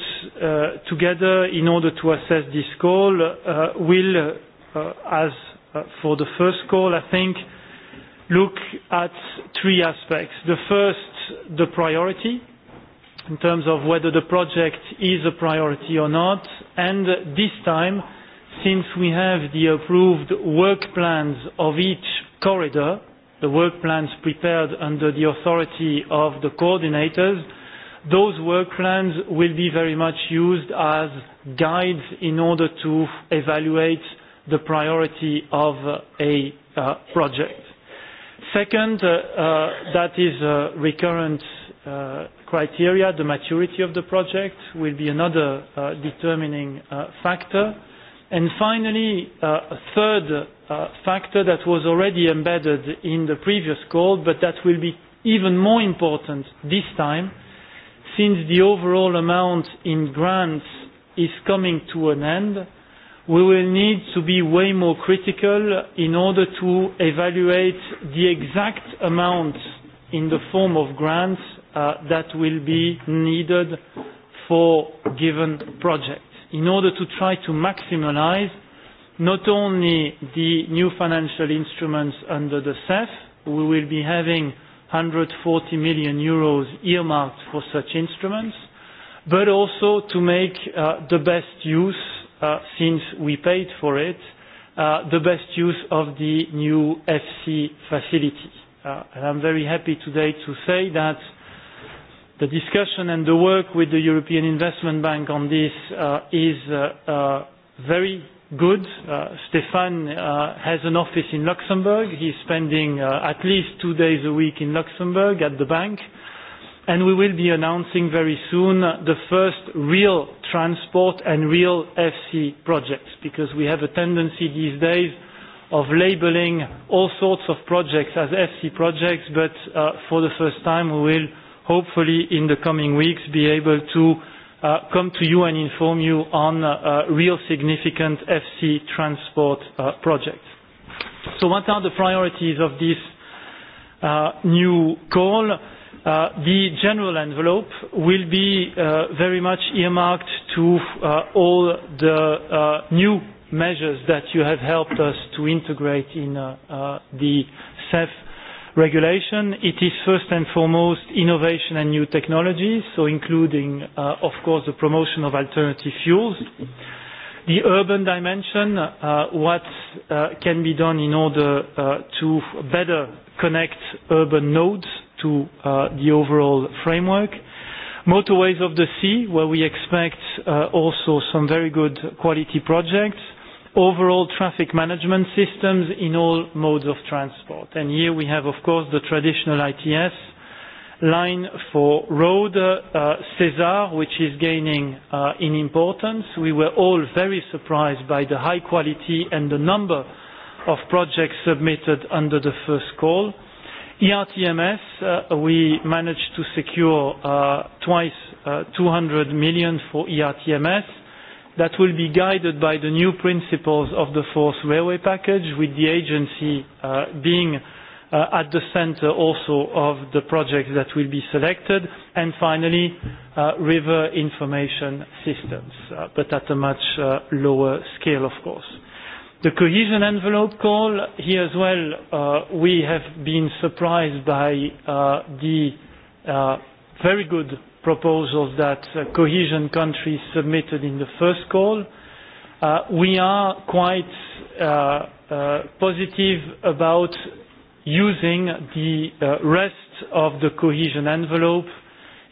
uh, together in order to assess this goal uh, will, uh, as uh, for the first goal, I think, look at three aspects. The first, the priority, in terms of whether the project is a priority or not, and this time, since we have the approved work plans of each corridor, the work plans prepared under the authority of the coordinators. Those work plans will be very much used as guides in order to evaluate the priority of a uh, project. Second, uh, uh, that is a uh, recurrent uh, criteria, the maturity of the project will be another uh, determining uh, factor. And finally, uh, a third uh, factor that was already embedded in the previous call, but that will be even more important this time, since the overall amount in grants is coming to an end, we will need to be way more critical in order to evaluate the exact amount in the form of grants uh, that will be needed for given projects in order to try to maximize not only the new financial instruments under the CEF, we will be having 140 million euros earmarked for such instruments, but also to make uh, the best use, uh, since we paid for it, uh, the best use of the new FC facility. Uh, and I'm very happy today to say that the discussion and the work with the European Investment Bank on this uh, is uh, uh, very good. Uh, Stefan uh, has an office in Luxembourg. He's spending uh, at least two days a week in Luxembourg at the bank. And we will be announcing very soon the first real transport and real FC projects because we have a tendency these days of labeling all sorts of projects as FC projects, but uh, for the first time we will hopefully in the coming weeks be able to uh, uh, come to you and inform you on uh, real significant FC transport uh, projects. So what are the priorities of this uh, new call? Uh, the general envelope will be uh, very much earmarked to uh, all the uh, new measures that you have helped us to integrate in uh, uh, the CEF regulation. It is first and foremost innovation and new technologies, so including, uh, of course, the promotion of alternative fuels. The urban dimension, uh, what uh, can be done in order uh, to better connect urban nodes to uh, the overall framework. Motorways of the Sea, where we expect uh, also some very good quality projects overall traffic management systems in all modes of transport. And here we have, of course, the traditional ITS line for road, uh, uh, Cesar, which is gaining uh, in importance. We were all very surprised by the high quality and the number of projects submitted under the first call. ERTMS, uh, we managed to secure uh, twice 200 uh, million for ERTMS that will be guided by the new principles of the fourth railway package, with the agency uh, being uh, at the center also of the projects that will be selected. And finally, uh, river information systems, uh, but at a much uh, lower scale, of course. The cohesion envelope call, here as well, uh, we have been surprised by uh, the uh, very good proposals that uh, cohesion countries submitted in the first call. Uh, we are quite uh, uh, positive about using the uh, rest of the cohesion envelope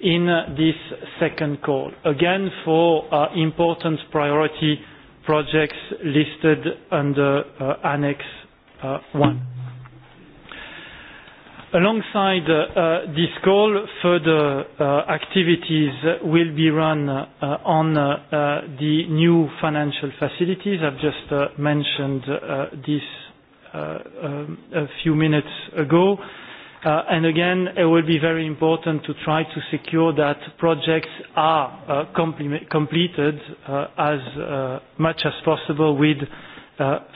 in uh, this second call, again for uh, important priority projects listed under uh, Annex uh, 1. Alongside uh, uh, this call, further uh, activities will be run uh, on uh, uh, the new financial facilities. I've just mentioned this um, a few minutes ago. And again, it will be very important to try to secure that projects are completed as much as possible with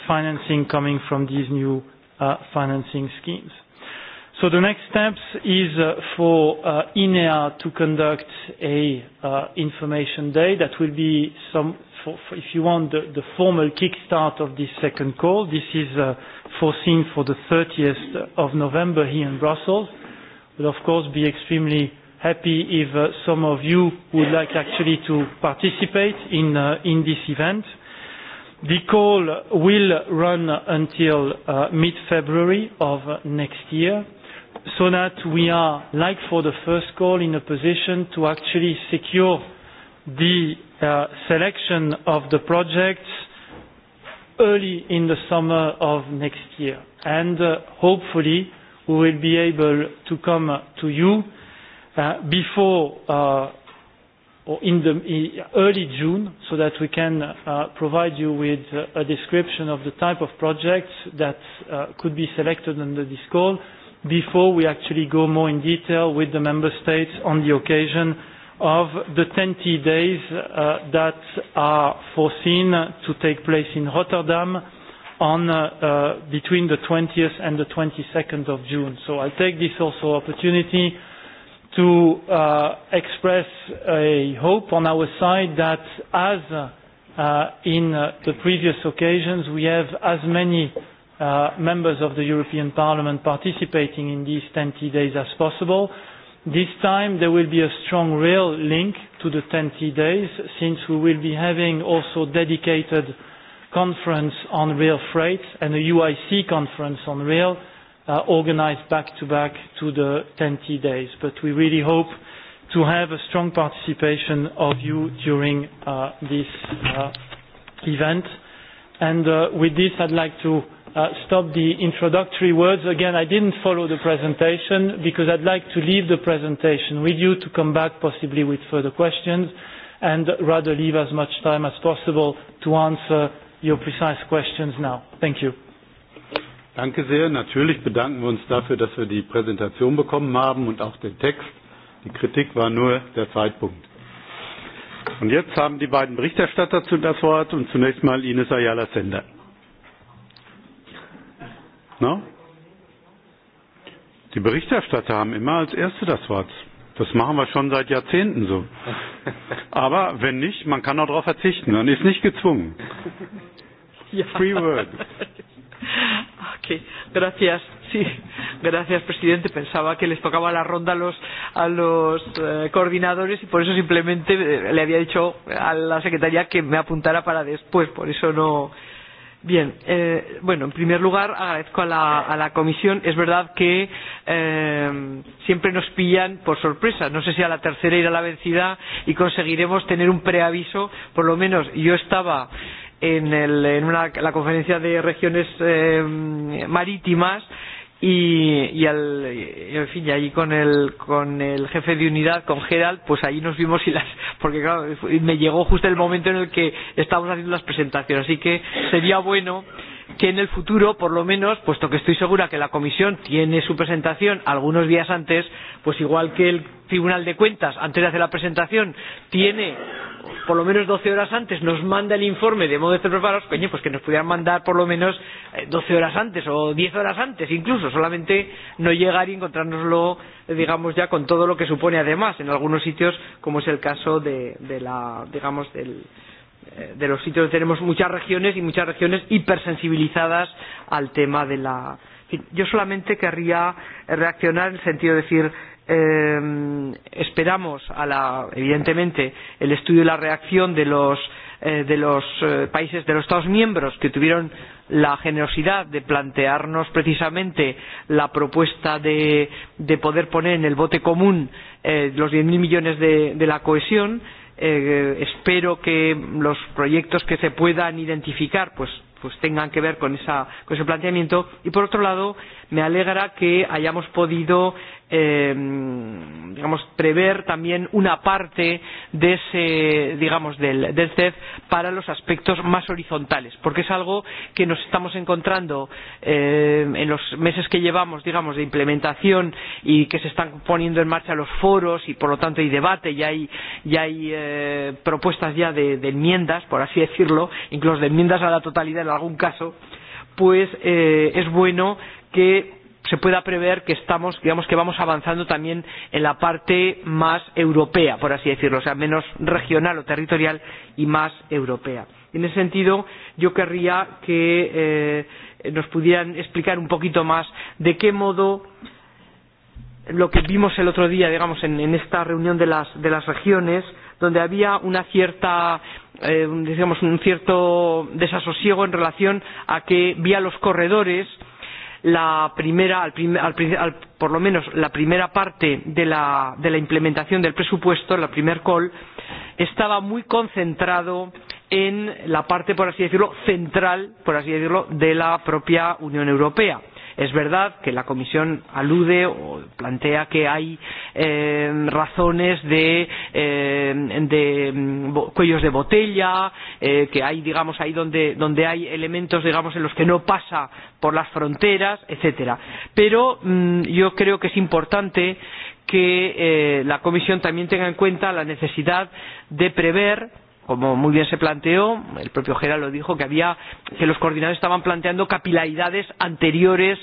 financing coming from these new financing schemes. So the next steps is uh, for uh, INEA to conduct a uh, information day that will be some, for, for if you want, the, the formal kickstart of this second call. This is uh, foreseen for the 30th of November here in Brussels. We'll of course be extremely happy if uh, some of you would like actually to participate in, uh, in this event. The call will run until uh, mid-February of uh, next year so that we are, like for the first call, in a position to actually secure the uh, selection of the projects early in the summer of next year. And uh, hopefully, we will be able to come to you uh, before uh, or in the in e, early June, so that we can uh, provide you with uh, a description of the type of projects that uh, could be selected under this call before we actually go more in detail with the member states on the occasion of the 10T days uh, that are foreseen to take place in Rotterdam on uh, uh, between the 20th and the 22nd of June. So I take this also opportunity to uh, express a hope on our side that as uh, in uh, the previous occasions we have as many uh, members of the European Parliament participating in these 10T days as possible. This time there will be a strong real link to the 10T days since we will be having also dedicated conference on rail freight and a UIC conference on rail uh, organized back to back to the 10T days. But we really hope to have a strong participation of you during uh, this uh, event. And uh, with this, I'd like to uh, stop the introductory words. Again, I didn't follow the presentation because I'd like to leave the presentation with you to come back possibly with further questions and rather leave as much time as possible to answer your precise questions now. Thank you. Danke sehr. Natürlich bedanken wir uns dafür, dass wir die Präsentation bekommen haben und auch den Text. Die Kritik war nur der Zeitpunkt. Und jetzt haben die beiden Berichterstatter das Wort und zunächst mal Ines Ayala Sender. No? Die Berichterstatter haben immer als Erste das Wort. Das machen wir schon seit Jahrzehnten so. Aber wenn nicht, man kann auch darauf verzichten. Man ist nicht gezwungen. Ja. Free word. Okay, gracias. Sí, gracias, presidente. Pensaba que les tocaba la ronda a los, a los eh, coordinadores y por eso simplemente eh, le había dicho a la secretaria que me apuntara para después. Por eso no, Bien, eh, bueno, en primer lugar agradezco a la, a la comisión. Es verdad que eh, siempre nos pillan por sorpresa. No sé si a la tercera irá la vencida y conseguiremos tener un preaviso. Por lo menos yo estaba en, el, en una, la conferencia de regiones eh, marítimas y, y, al, y en fin y allí con el con el jefe de unidad con Gerald pues allí nos vimos y las porque claro me llegó justo el momento en el que estábamos haciendo las presentaciones así que sería bueno que en el futuro, por lo menos, puesto que estoy segura que la comisión tiene su presentación algunos días antes, pues igual que el Tribunal de Cuentas, antes de hacer la presentación, tiene por lo menos 12 horas antes nos manda el informe de modo de estar preparados, coño, pues que nos pudieran mandar por lo menos 12 eh, horas antes o 10 horas antes incluso, solamente no llegar y encontrárnoslo, eh, digamos, ya con todo lo que supone además en algunos sitios, como es el caso de, de la, digamos, del eh, de los sitios donde tenemos muchas regiones y muchas regiones hipersensibilizadas al tema de la. Yo solamente querría reaccionar en el sentido de decir eh, esperamos a la, evidentemente el estudio y la reacción de los, eh, de los eh, países de los Estados miembros que tuvieron la generosidad de plantearnos precisamente la propuesta de, de poder poner en el bote común eh, los 10.000 millones de, de la cohesión. Eh, espero que los proyectos que se puedan identificar pues, pues tengan que ver con, esa, con ese planteamiento. Y por otro lado, me alegra que hayamos podido eh, digamos, prever también una parte de ese, digamos, del, del CEF para los aspectos más horizontales, porque es algo que nos estamos encontrando eh, en los meses que llevamos, digamos, de implementación y que se están poniendo en marcha los foros y, por lo tanto, hay debate y hay, y hay eh, propuestas ya de, de enmiendas, por así decirlo, incluso de enmiendas a la totalidad en algún caso, pues eh, es bueno que se pueda prever que estamos, digamos que vamos avanzando también en la parte más europea, por así decirlo, o sea, menos regional o territorial y más europea. En ese sentido, yo querría que eh, nos pudieran explicar un poquito más de qué modo lo que vimos el otro día, digamos, en, en esta reunión de las, de las regiones, donde había una cierta, eh, digamos, un cierto desasosiego en relación a que vía los corredores eh, la primera, al prim, al, al, por lo menos la primera parte de la, de la implementación del presupuesto, la primer call, estaba muy concentrado en la parte, por así decirlo, central, por así decirlo, de la propia Unión Europea Es verdad que la Comisión alude o plantea que hay eh, razones de, eh, de mm, cuellos de botella, eh, que hay, digamos, ahí donde, donde hay elementos, digamos, en los que no pasa por las fronteras, etcétera. Pero mmm, yo creo que es importante que eh, la Comisión también tenga en cuenta la necesidad de prever como muy bien se planteó, el propio Gera lo dijo, que había, que los coordinadores estaban planteando capilaridades anteriores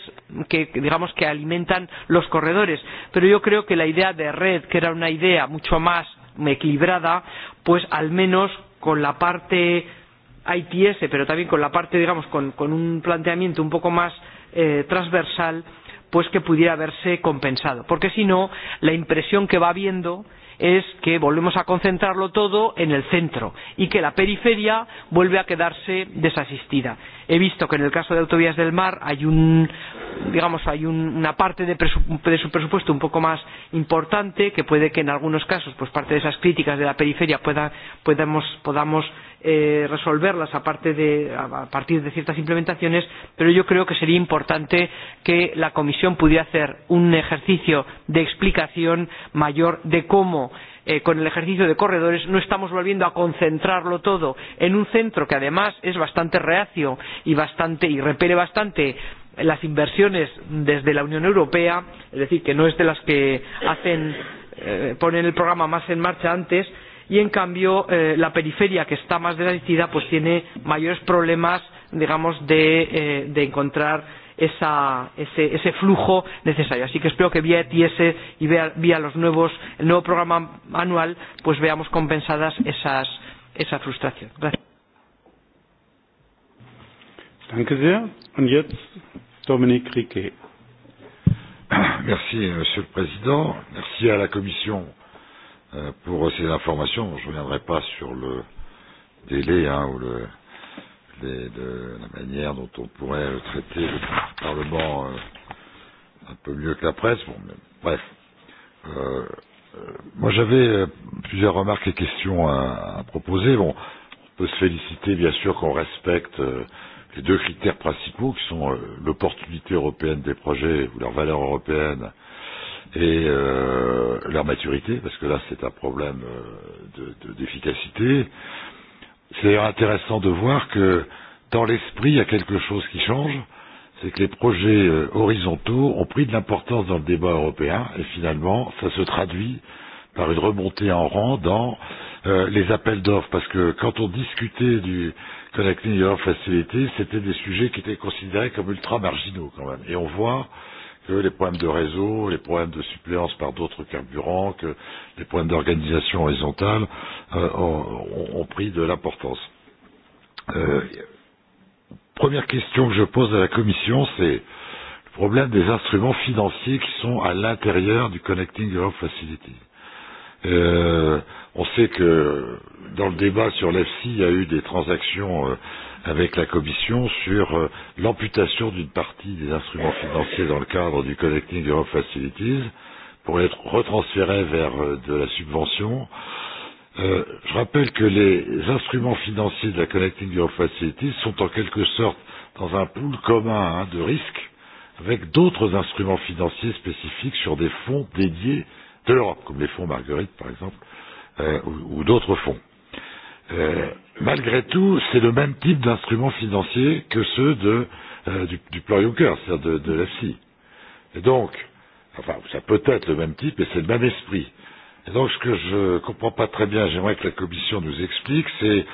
que, digamos, que alimentan los corredores. Pero yo creo que la idea de red, que era una idea mucho más equilibrada, pues al menos con la parte ITS, pero también con la parte, digamos, con, con un planteamiento un poco más eh, transversal, pues que pudiera haberse compensado. Porque si no, la impresión que va habiendo es que volvemos a concentrarlo todo en el centro y que la periferia vuelve a quedarse desasistida. He visto que en el caso de Autovías del Mar hay un digamos hay un, una parte de, de su presupuesto un poco más importante que puede que en algunos casos pues parte de esas críticas de la periferia pueda, podamos, podamos eh, resolverlas a, parte de, a partir de ciertas implementaciones, pero yo creo que sería importante que la Comisión pudiera hacer un ejercicio de explicación mayor de cómo eh, con el ejercicio de corredores no estamos volviendo a concentrarlo todo en un centro que además es bastante reacio y, bastante, y repele bastante las inversiones desde la Unión Europea, es decir, que no es de las que hacen, eh, ponen el programa más en marcha antes, y en cambio eh, la periferia que está más desasistida pues tiene mayores problemas digamos de, eh, de encontrar esa, ese, ese flujo necesario. Así que espero que vía ETS y vía, vía los nuevos, el nuevo programa anual pues veamos compensadas esas, esa frustración. Gracias. Danke sehr. Und jetzt Dominique Riquet. Merci, euh, Monsieur le Président. Merci à la Commission euh, pour ces informations. Je ne reviendrai pas sur le délai hein, ou le, les, le, la manière dont on pourrait traiter le Parlement euh, un peu mieux que la presse. Bon, mais, bref. Euh, euh, moi, j'avais euh, plusieurs remarques et questions à, à proposer. Bon, on peut se féliciter, bien sûr, qu'on respecte euh, les deux critères principaux qui sont euh, l'opportunité européenne des projets ou leur valeur européenne euh, et euh, leur maturité, parce que là c'est un problème d'efficacité. Euh, de, de, c'est d'ailleurs intéressant de voir que dans l'esprit il y a quelque chose qui change, c'est que les projets euh, horizontaux ont pris de l'importance dans le débat européen et finalement ça se traduit par une remontée en rang dans euh, les appels d'offres, parce que quand on discutait du Connecting Europe Facility, c'était des sujets qui étaient considérés comme ultra marginaux quand même, et on voit euh, que les problèmes de réseau, les problèmes de suppléance par d'autres carburants, que les problèmes d'organisation horizontale euh, ont, ont pris de l'importance. Euh, première question que je pose à la Commission, c'est le problème des instruments financiers qui sont à l'intérieur du Connecting Europe Facility. Euh, Euh, on sait que dans le débat sur l'EFSI, il y a eu des transactions euh, avec la Commission sur euh, l'amputation d'une partie des instruments financiers dans le cadre du Connecting Europe Facilities pour être retransférés vers euh, de la subvention. Euh, je rappelle que les instruments financiers de la Connecting Europe Facilities sont en quelque sorte dans un pool commun hein, de risques avec d'autres instruments financiers spécifiques sur des fonds dédiés euh, de l'Europe, comme les fonds Marguerite par exemple, euh, ou, ou d'autres fonds. Euh, malgré tout, c'est le même type d'instruments financiers que ceux de, euh, du, du plan Juncker, c'est-à-dire de, de l'EFSI. Et donc, enfin, ça peut être le même type et c'est le même esprit. Et donc, ce que je ne comprends pas très bien, j'aimerais que la Commission nous explique, c'est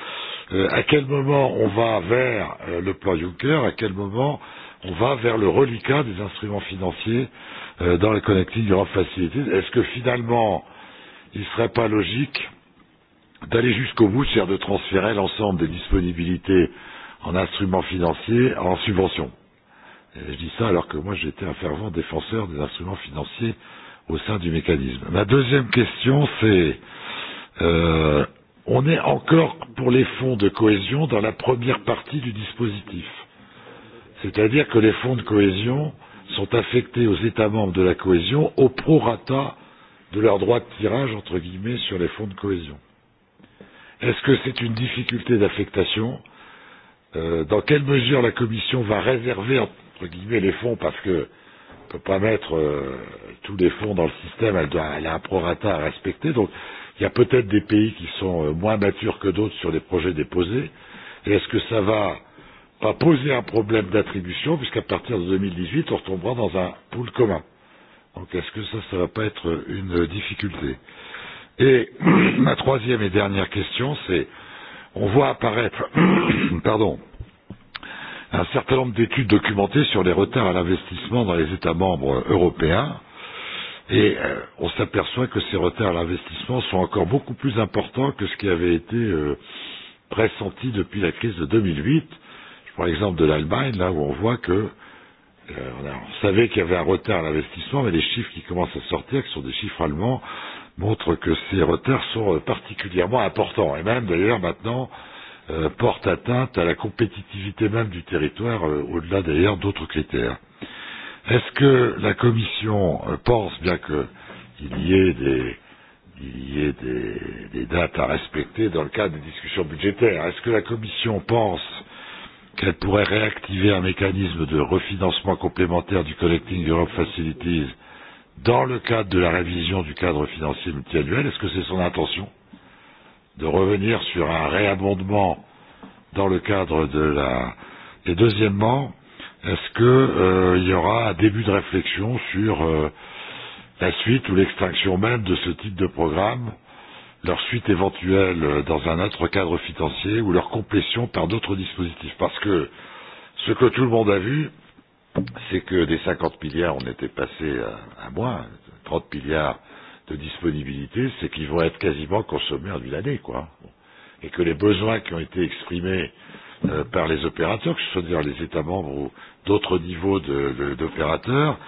euh, à quel moment on va vers euh, le plan Juncker, à quel moment on va vers le reliquat des instruments financiers euh, euh, dans les Connecting Europe Facilities. Est-ce que finalement, il ne serait pas logique d'aller jusqu'au bout, c'est-à-dire de transférer l'ensemble des disponibilités en instruments financiers en subventions Et Je dis ça alors que moi j'étais un fervent défenseur des instruments financiers au sein du mécanisme. Ma deuxième question, c'est euh, on est encore pour les fonds de cohésion dans la première partie du dispositif. C'est-à-dire que les fonds de cohésion euh, sont affectés aux États membres de la cohésion au prorata de leur droit de tirage, entre guillemets, sur les fonds de cohésion. Est-ce que c'est une difficulté d'affectation euh, Dans quelle mesure la Commission va réserver, entre guillemets, les fonds Parce qu'on ne peut pas mettre euh, tous les fonds dans le système, elle, doit, elle a un prorata à respecter. Donc, il y a peut-être des pays qui sont euh, moins matures que d'autres sur les projets déposés. Et est-ce que ça va pas poser un problème d'attribution, puisqu'à partir de 2018, on retombera dans un pool commun. Donc est-ce que ça, ça ne va pas être une difficulté Et ma troisième et dernière question, c'est on voit apparaître pardon, un certain nombre d'études documentées sur les retards à l'investissement dans les États membres européens. Et euh, on s'aperçoit que ces retards à l'investissement sont encore beaucoup plus importants que ce qui avait été euh, pressenti depuis la crise de 2008 prends l'exemple de l'Allemagne, là où on voit que euh, on, a, on savait qu'il y avait un retard à l'investissement, mais les chiffres qui commencent à sortir, qui sont des chiffres allemands, montrent que ces retards sont euh, particulièrement importants, et même d'ailleurs maintenant euh, portent atteinte à la compétitivité même du territoire, euh, au-delà d'ailleurs d'autres critères. Est-ce que la Commission euh, pense, bien qu'il y ait des, il y ait des, des dates à respecter dans le cadre des discussions budgétaires. Est-ce que la Commission pense qu'elle pourrait réactiver un mécanisme de refinancement complémentaire du Collecting Europe Facilities dans le cadre de la révision du cadre financier multiannuel. Est-ce que c'est son intention de revenir sur un réabondement dans le cadre de la. Et deuxièmement, est-ce qu'il euh, y aura un début de réflexion sur euh, la suite ou l'extinction même de ce type de programme euh, leur suite éventuelle dans un autre cadre financier ou leur complétion par d'autres dispositifs. Parce que ce que tout le monde a vu, c'est que des 50 milliards, on était passé à, à moins, 30 milliards de disponibilité, c'est qu'ils vont être quasiment consommés en une année, quoi. Et que les besoins qui ont été exprimés euh, par les opérateurs, que ce soit dire les États membres ou d'autres niveaux d'opérateurs, de, de,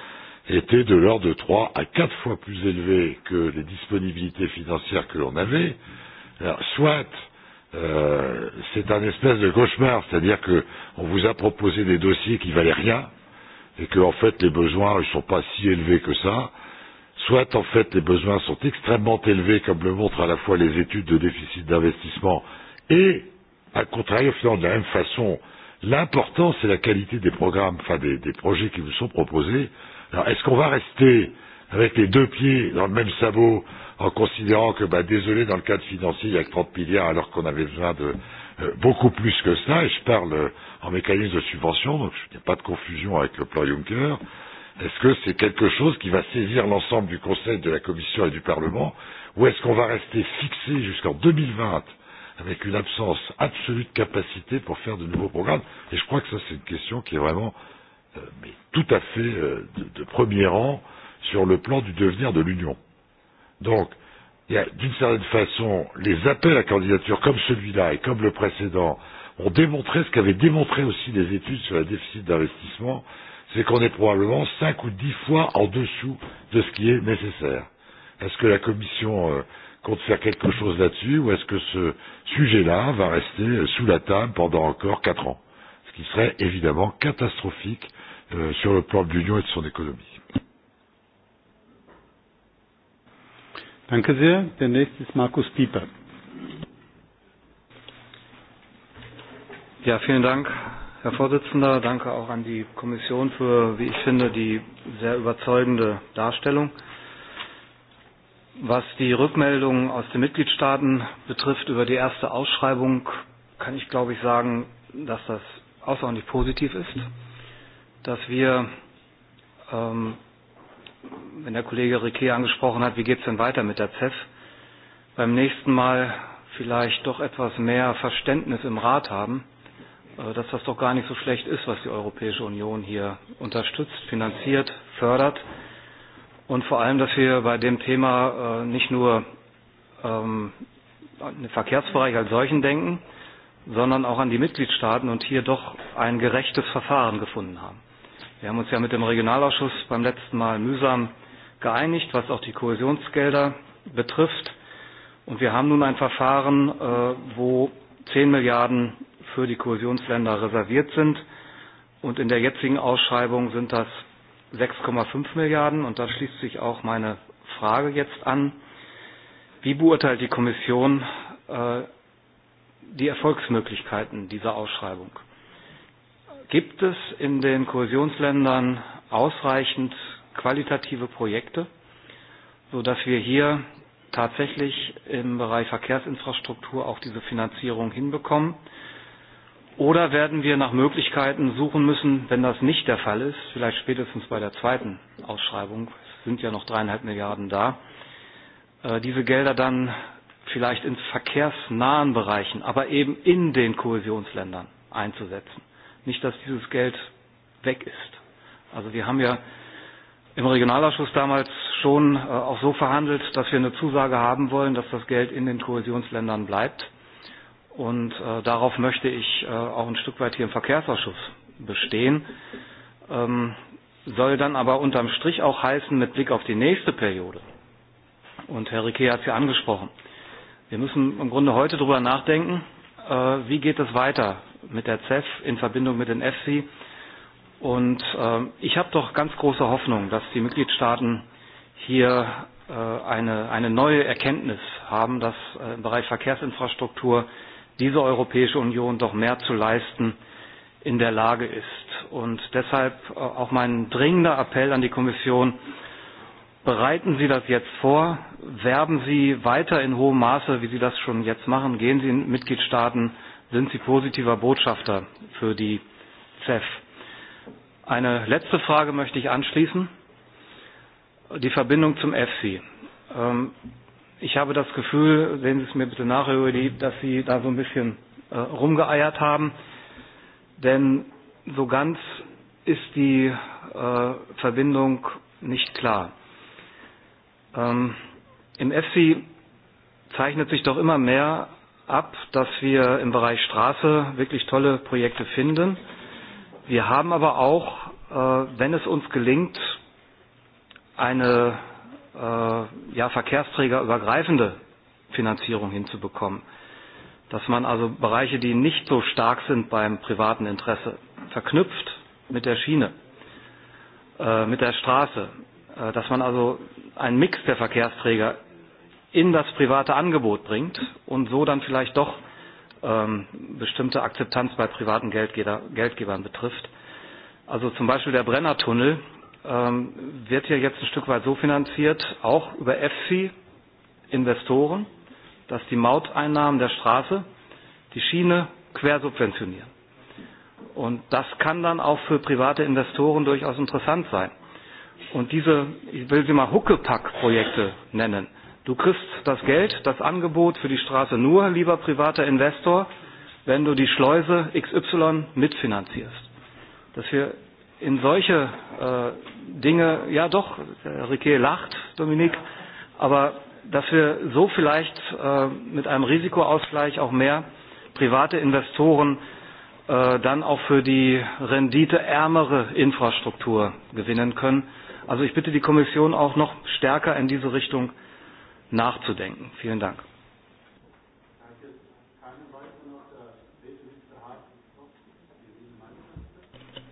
était de l'ordre de 3 à 4 fois plus élevé que les disponibilités financières que l'on avait. Alors, soit euh, c'est un espèce de cauchemar, c'est-à-dire qu'on vous a proposé des dossiers qui valaient rien, et que en fait les besoins ne sont pas si élevés que ça, soit en fait les besoins sont extrêmement élevés, comme le montrent à la fois les études de déficit d'investissement et, à contrario, finalement, de la même façon, l'importance et la qualité des programmes, enfin des, des projets qui vous sont proposés, Alors, est-ce qu'on va rester avec les deux pieds dans le même sabot en considérant que, bah, désolé, dans le cadre financier, il y a que 30 milliards alors qu'on avait besoin de euh, beaucoup plus que ça, et je parle euh, en mécanisme de subvention, donc il n'y a pas de confusion avec le plan Juncker. Est-ce que c'est quelque chose qui va saisir l'ensemble du Conseil, de la Commission et du Parlement, ou est-ce qu'on va rester fixé jusqu'en 2020 avec une absence absolue de capacité pour faire de nouveaux programmes Et je crois que ça, c'est une question qui est vraiment euh, mais tout à fait euh, de, de premier rang sur le plan du devenir de l'Union. Donc, il y a d'une certaine façon les appels à candidature comme celui-là et comme le précédent ont démontré ce qu'avaient démontré aussi les études sur le déficit d'investissement, c'est qu'on est probablement cinq ou dix fois en dessous de ce qui est nécessaire. Est-ce que la Commission euh, compte faire quelque chose là-dessus ou est-ce que ce sujet-là va rester euh, sous la table pendant encore quatre ans Ce qui serait évidemment catastrophique euh, sur le plan de l'Union et de son économie. Danke sehr. Der nächste ist Markus Pieper. Ja, vielen Dank, Herr Vorsitzender. Danke auch an die Kommission für, wie ich finde, die sehr überzeugende Darstellung. Was die Rückmeldungen aus den Mitgliedstaaten betrifft über die erste Ausschreibung, kann ich, glaube ich, sagen, dass das außerordentlich positiv ist dass wir, ähm, wenn der Kollege Riquet angesprochen hat, wie geht es denn weiter mit der CEF, beim nächsten Mal vielleicht doch etwas mehr Verständnis im Rat haben, äh, dass das doch gar nicht so schlecht ist, was die Europäische Union hier unterstützt, finanziert, fördert. Und vor allem, dass wir bei dem Thema äh, nicht nur ähm, an den Verkehrsbereich als solchen denken, sondern auch an die Mitgliedstaaten und hier doch ein gerechtes Verfahren gefunden haben. Wir haben uns ja mit dem Regionalausschuss beim letzten Mal mühsam geeinigt, was auch die Kohäsionsgelder betrifft. Und wir haben nun ein Verfahren, äh, wo 10 Milliarden für die Kohäsionsländer reserviert sind. Und in der jetzigen Ausschreibung sind das 6,5 Milliarden. Und da schließt sich auch meine Frage jetzt an. Wie beurteilt die Kommission äh, die Erfolgsmöglichkeiten dieser Ausschreibung? Gibt es in den Kohäsionsländern ausreichend qualitative Projekte, sodass wir hier tatsächlich im Bereich Verkehrsinfrastruktur auch diese Finanzierung hinbekommen? Oder werden wir nach Möglichkeiten suchen müssen, wenn das nicht der Fall ist, vielleicht spätestens bei der zweiten Ausschreibung, es sind ja noch dreieinhalb Milliarden da, äh, diese Gelder dann vielleicht in verkehrsnahen Bereichen, aber eben in den Kohäsionsländern einzusetzen? nicht, dass dieses Geld weg ist. Also wir haben ja im Regionalausschuss damals schon äh, auch so verhandelt, dass wir eine Zusage haben wollen, dass das Geld in den Kohäsionsländern bleibt. Und äh, darauf möchte ich äh, auch ein Stück weit hier im Verkehrsausschuss bestehen. Ähm, soll dann aber unterm Strich auch heißen, mit Blick auf die nächste Periode. Und Herr Riquet hat es ja angesprochen. Wir müssen im Grunde heute darüber nachdenken, äh, wie geht es weiter mit der CEF in Verbindung mit den EFSI. Und äh, ich habe doch ganz große Hoffnung, dass die Mitgliedstaaten hier äh, eine, eine neue Erkenntnis haben, dass äh, im Bereich Verkehrsinfrastruktur diese Europäische Union doch mehr zu leisten in der Lage ist. Und deshalb äh, auch mein dringender Appell an die Kommission, bereiten Sie das jetzt vor, werben Sie weiter in hohem Maße, wie Sie das schon jetzt machen, gehen Sie in Mitgliedstaaten äh, sind Sie positiver Botschafter für die CEF? Eine letzte Frage möchte ich anschließen. Die Verbindung zum EFSI. Ähm, ich habe das Gefühl, sehen Sie es mir bitte nach, dass Sie da so ein bisschen äh, rumgeeiert haben. Denn so ganz ist die äh, Verbindung nicht klar. Ähm, Im EFSI zeichnet sich doch immer mehr ab, dass wir im Bereich Straße wirklich tolle Projekte finden. Wir haben aber auch, äh, wenn es uns gelingt, eine äh, ja, verkehrsträgerübergreifende Finanzierung hinzubekommen, dass man also Bereiche, die nicht so stark sind beim privaten Interesse, verknüpft mit der Schiene, äh, mit der Straße, äh, dass man also einen Mix der Verkehrsträger in das private Angebot bringt und so dann vielleicht doch ähm, bestimmte Akzeptanz bei privaten Geldgeber, Geldgebern betrifft. Also zum Beispiel der Brennertunnel ähm, wird hier jetzt ein Stück weit so finanziert, auch über EFSI Investoren, dass die Mauteinnahmen der Straße die Schiene quersubventionieren. Und das kann dann auch für private Investoren durchaus interessant sein. Und diese, ich will sie mal Huckepack-Projekte nennen, Du kriegst das Geld, das Angebot für die Straße nur, lieber privater Investor, wenn du die Schleuse XY mitfinanzierst. Dass wir in solche äh, Dinge, ja doch, Riquet lacht, Dominik, aber dass wir so vielleicht äh, mit einem Risikoausgleich auch mehr private Investoren äh, dann auch für die renditeärmere Infrastruktur gewinnen können. Also ich bitte die Kommission auch noch stärker in diese Richtung nachzudenken. Vielen Dank.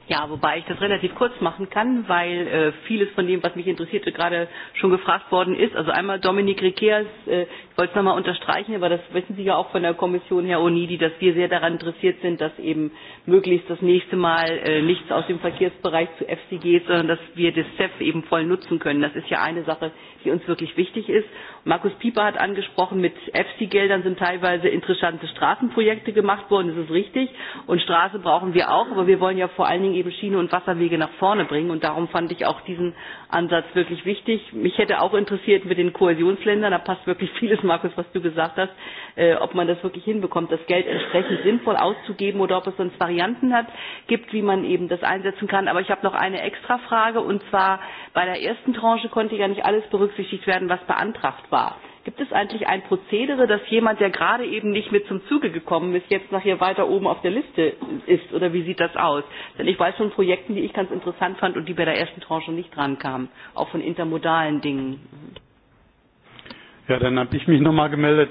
Ja, wobei ich das relativ kurz machen kann, weil äh, vieles von dem, was mich interessierte, gerade schon gefragt worden ist. Also einmal Dominik Riquers äh, Ich wollte es nochmal unterstreichen, aber das wissen Sie ja auch von der Kommission, Herr Onidi, dass wir sehr daran interessiert sind, dass eben möglichst das nächste Mal äh, nichts aus dem Verkehrsbereich zu EFSI geht, sondern dass wir das CEF eben voll nutzen können. Das ist ja eine Sache, die uns wirklich wichtig ist. Markus Pieper hat angesprochen, mit EFSI-Geldern sind teilweise interessante Straßenprojekte gemacht worden, das ist richtig. Und Straße brauchen wir auch, aber wir wollen ja vor allen Dingen eben Schiene und Wasserwege nach vorne bringen. Und darum fand ich auch diesen Ansatz wirklich wichtig. Mich hätte auch interessiert mit den Kohäsionsländern, da passt wirklich vieles, Markus, was du gesagt hast, äh, ob man das wirklich hinbekommt, das Geld entsprechend sinnvoll auszugeben oder ob es sonst Varianten hat, gibt, wie man eben das einsetzen kann. Aber ich habe noch eine extra Frage und zwar bei der ersten Tranche konnte ja nicht alles berücksichtigt werden, was beantragt war. Gibt es eigentlich ein Prozedere, dass jemand, der gerade eben nicht mit zum Zuge gekommen ist, jetzt nachher weiter oben auf der Liste ist? Oder wie sieht das aus? Denn ich weiß von Projekten, die ich ganz interessant fand und die bei der ersten Tranche nicht drankamen. Auch von intermodalen Dingen. Ja, dann habe ich mich nochmal gemeldet.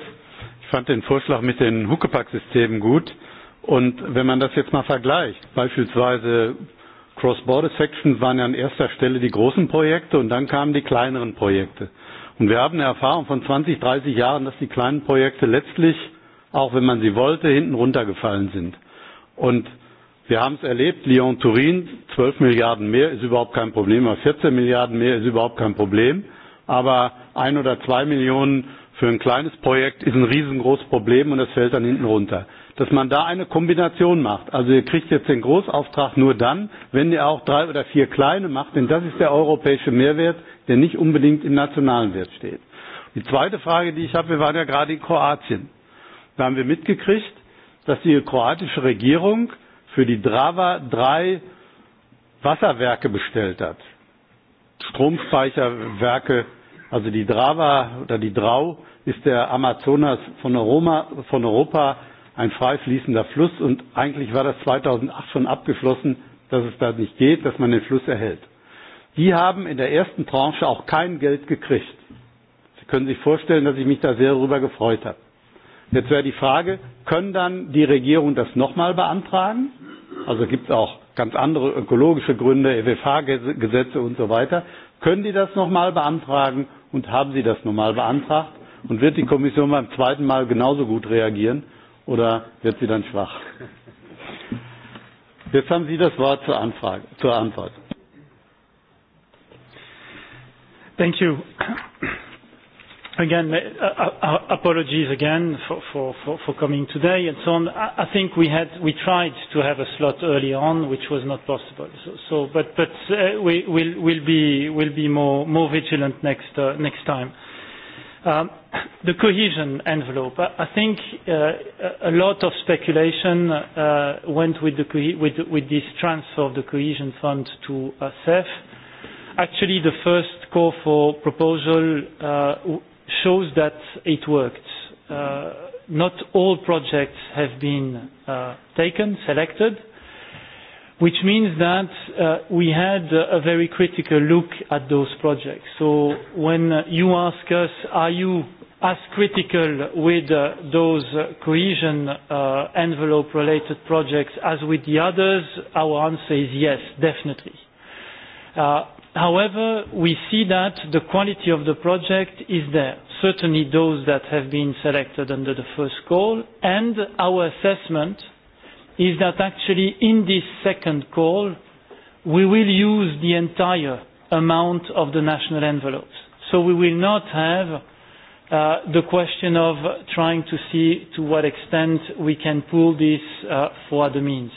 Ich fand den Vorschlag mit den Huckepack-Systemen gut. Und wenn man das jetzt mal vergleicht, beispielsweise Cross-Border Sections waren ja an erster Stelle die großen Projekte und dann kamen die kleineren Projekte. Und wir haben eine Erfahrung von 20, 30 Jahren, dass die kleinen Projekte letztlich, auch wenn man sie wollte, hinten runtergefallen sind. Und wir haben es erlebt, Lyon-Turin, 12 Milliarden mehr ist überhaupt kein Problem, aber 14 Milliarden mehr ist überhaupt kein Problem. Aber ein oder zwei Millionen für ein kleines Projekt ist ein riesengroßes Problem und das fällt dann hinten runter. Dass man da eine Kombination macht. Also ihr kriegt jetzt den Großauftrag nur dann, wenn ihr auch drei oder vier kleine macht, denn das ist der europäische Mehrwert, der nicht unbedingt im nationalen Wert steht. Die zweite Frage, die ich habe, wir waren ja gerade in Kroatien. Da haben wir mitgekriegt, dass die kroatische Regierung für die Drava drei Wasserwerke bestellt hat. Stromspeicherwerke, also die Drava oder die Drau ist der Amazonas von Europa, von Europa ein frei fließender Fluss und eigentlich war das 2008 schon abgeschlossen, dass es da nicht geht, dass man den Fluss erhält die haben in der ersten Tranche auch kein Geld gekriegt. Sie können sich vorstellen, dass ich mich da sehr darüber gefreut habe. Jetzt wäre die Frage, können dann die Regierungen das nochmal beantragen? Also gibt es auch ganz andere ökologische Gründe, EWFH-Gesetze und so weiter. Können die das nochmal beantragen und haben sie das nochmal beantragt? Und wird die Kommission beim zweiten Mal genauso gut reagieren oder wird sie dann schwach? Jetzt haben Sie das Wort zur, Anfrage, zur Antwort. Thank you. Again, uh, uh, uh, apologies again for, for, for, for coming today and so on. I think we had we tried to have a slot early on, which was not possible. So, so but but uh, we, we'll, we'll be we'll be more more vigilant next uh, next time. Um, the cohesion envelope. I, I think uh, a lot of speculation uh, went with the with with this transfer of the cohesion fund to uh, CEF. Actually, the first score for proposal uh, shows that it worked. Uh, not all projects have been uh, taken, selected, which means that uh, we had a very critical look at those projects. So when you ask us, are you as critical with uh, those uh, cohesion uh, envelope-related projects as with the others, our answer is yes, definitely. Uh, However, we see that the quality of the project is there, certainly those that have been selected under the first call, and our assessment is that actually in this second call, we will use the entire amount of the national envelopes. So we will not have uh, the question of trying to see to what extent we can pool this uh, for other means.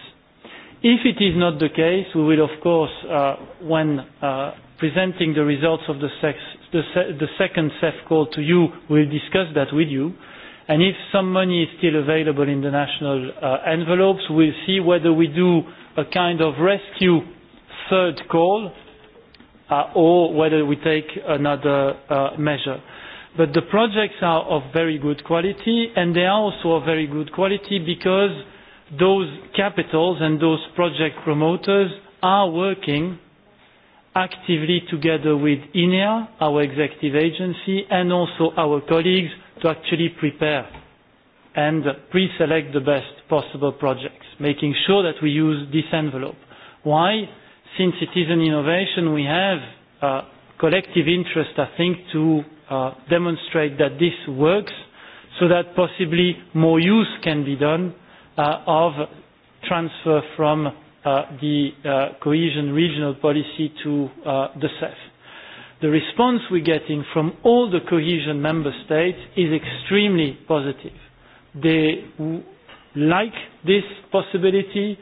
If it is not the case, we will, of course, uh, when uh, presenting the results of the, sex, the, se the second CEF call to you, we'll discuss that with you. And if some money is still available in the national uh, envelopes, we'll see whether we do a kind of rescue third call uh, or whether we take another uh, measure. But the projects are of very good quality, and they are also of very good quality because uh, those capitals and those project promoters are working actively together with INEA, our executive agency, and also our colleagues to actually prepare and pre-select the best possible projects, making sure that we use this envelope. Why? Since it is an innovation, we have a uh, collective interest, I think, to uh, demonstrate that this works so that possibly more use can be done uh, Uh, of transfer from uh, the uh, cohesion regional policy to the CEF. The response we're getting from all the cohesion member states is extremely positive. They like this possibility.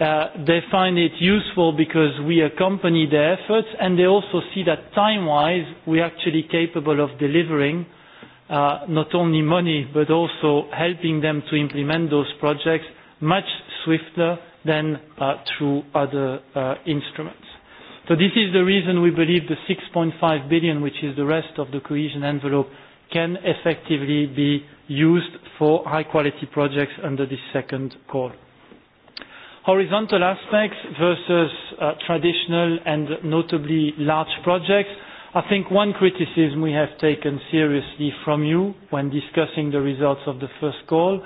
Uh, they find it useful because we accompany their efforts, and they also see that time-wise, we're actually capable of delivering uh, uh, not only money but also helping them to implement those projects much swifter than uh, through other uh, instruments. So this is the reason we believe the 6.5 billion, which is the rest of the cohesion envelope, can effectively be used for high-quality projects under this second call. Horizontal aspects versus uh, traditional and notably large projects I think one criticism we have taken seriously from you when discussing the results of the first call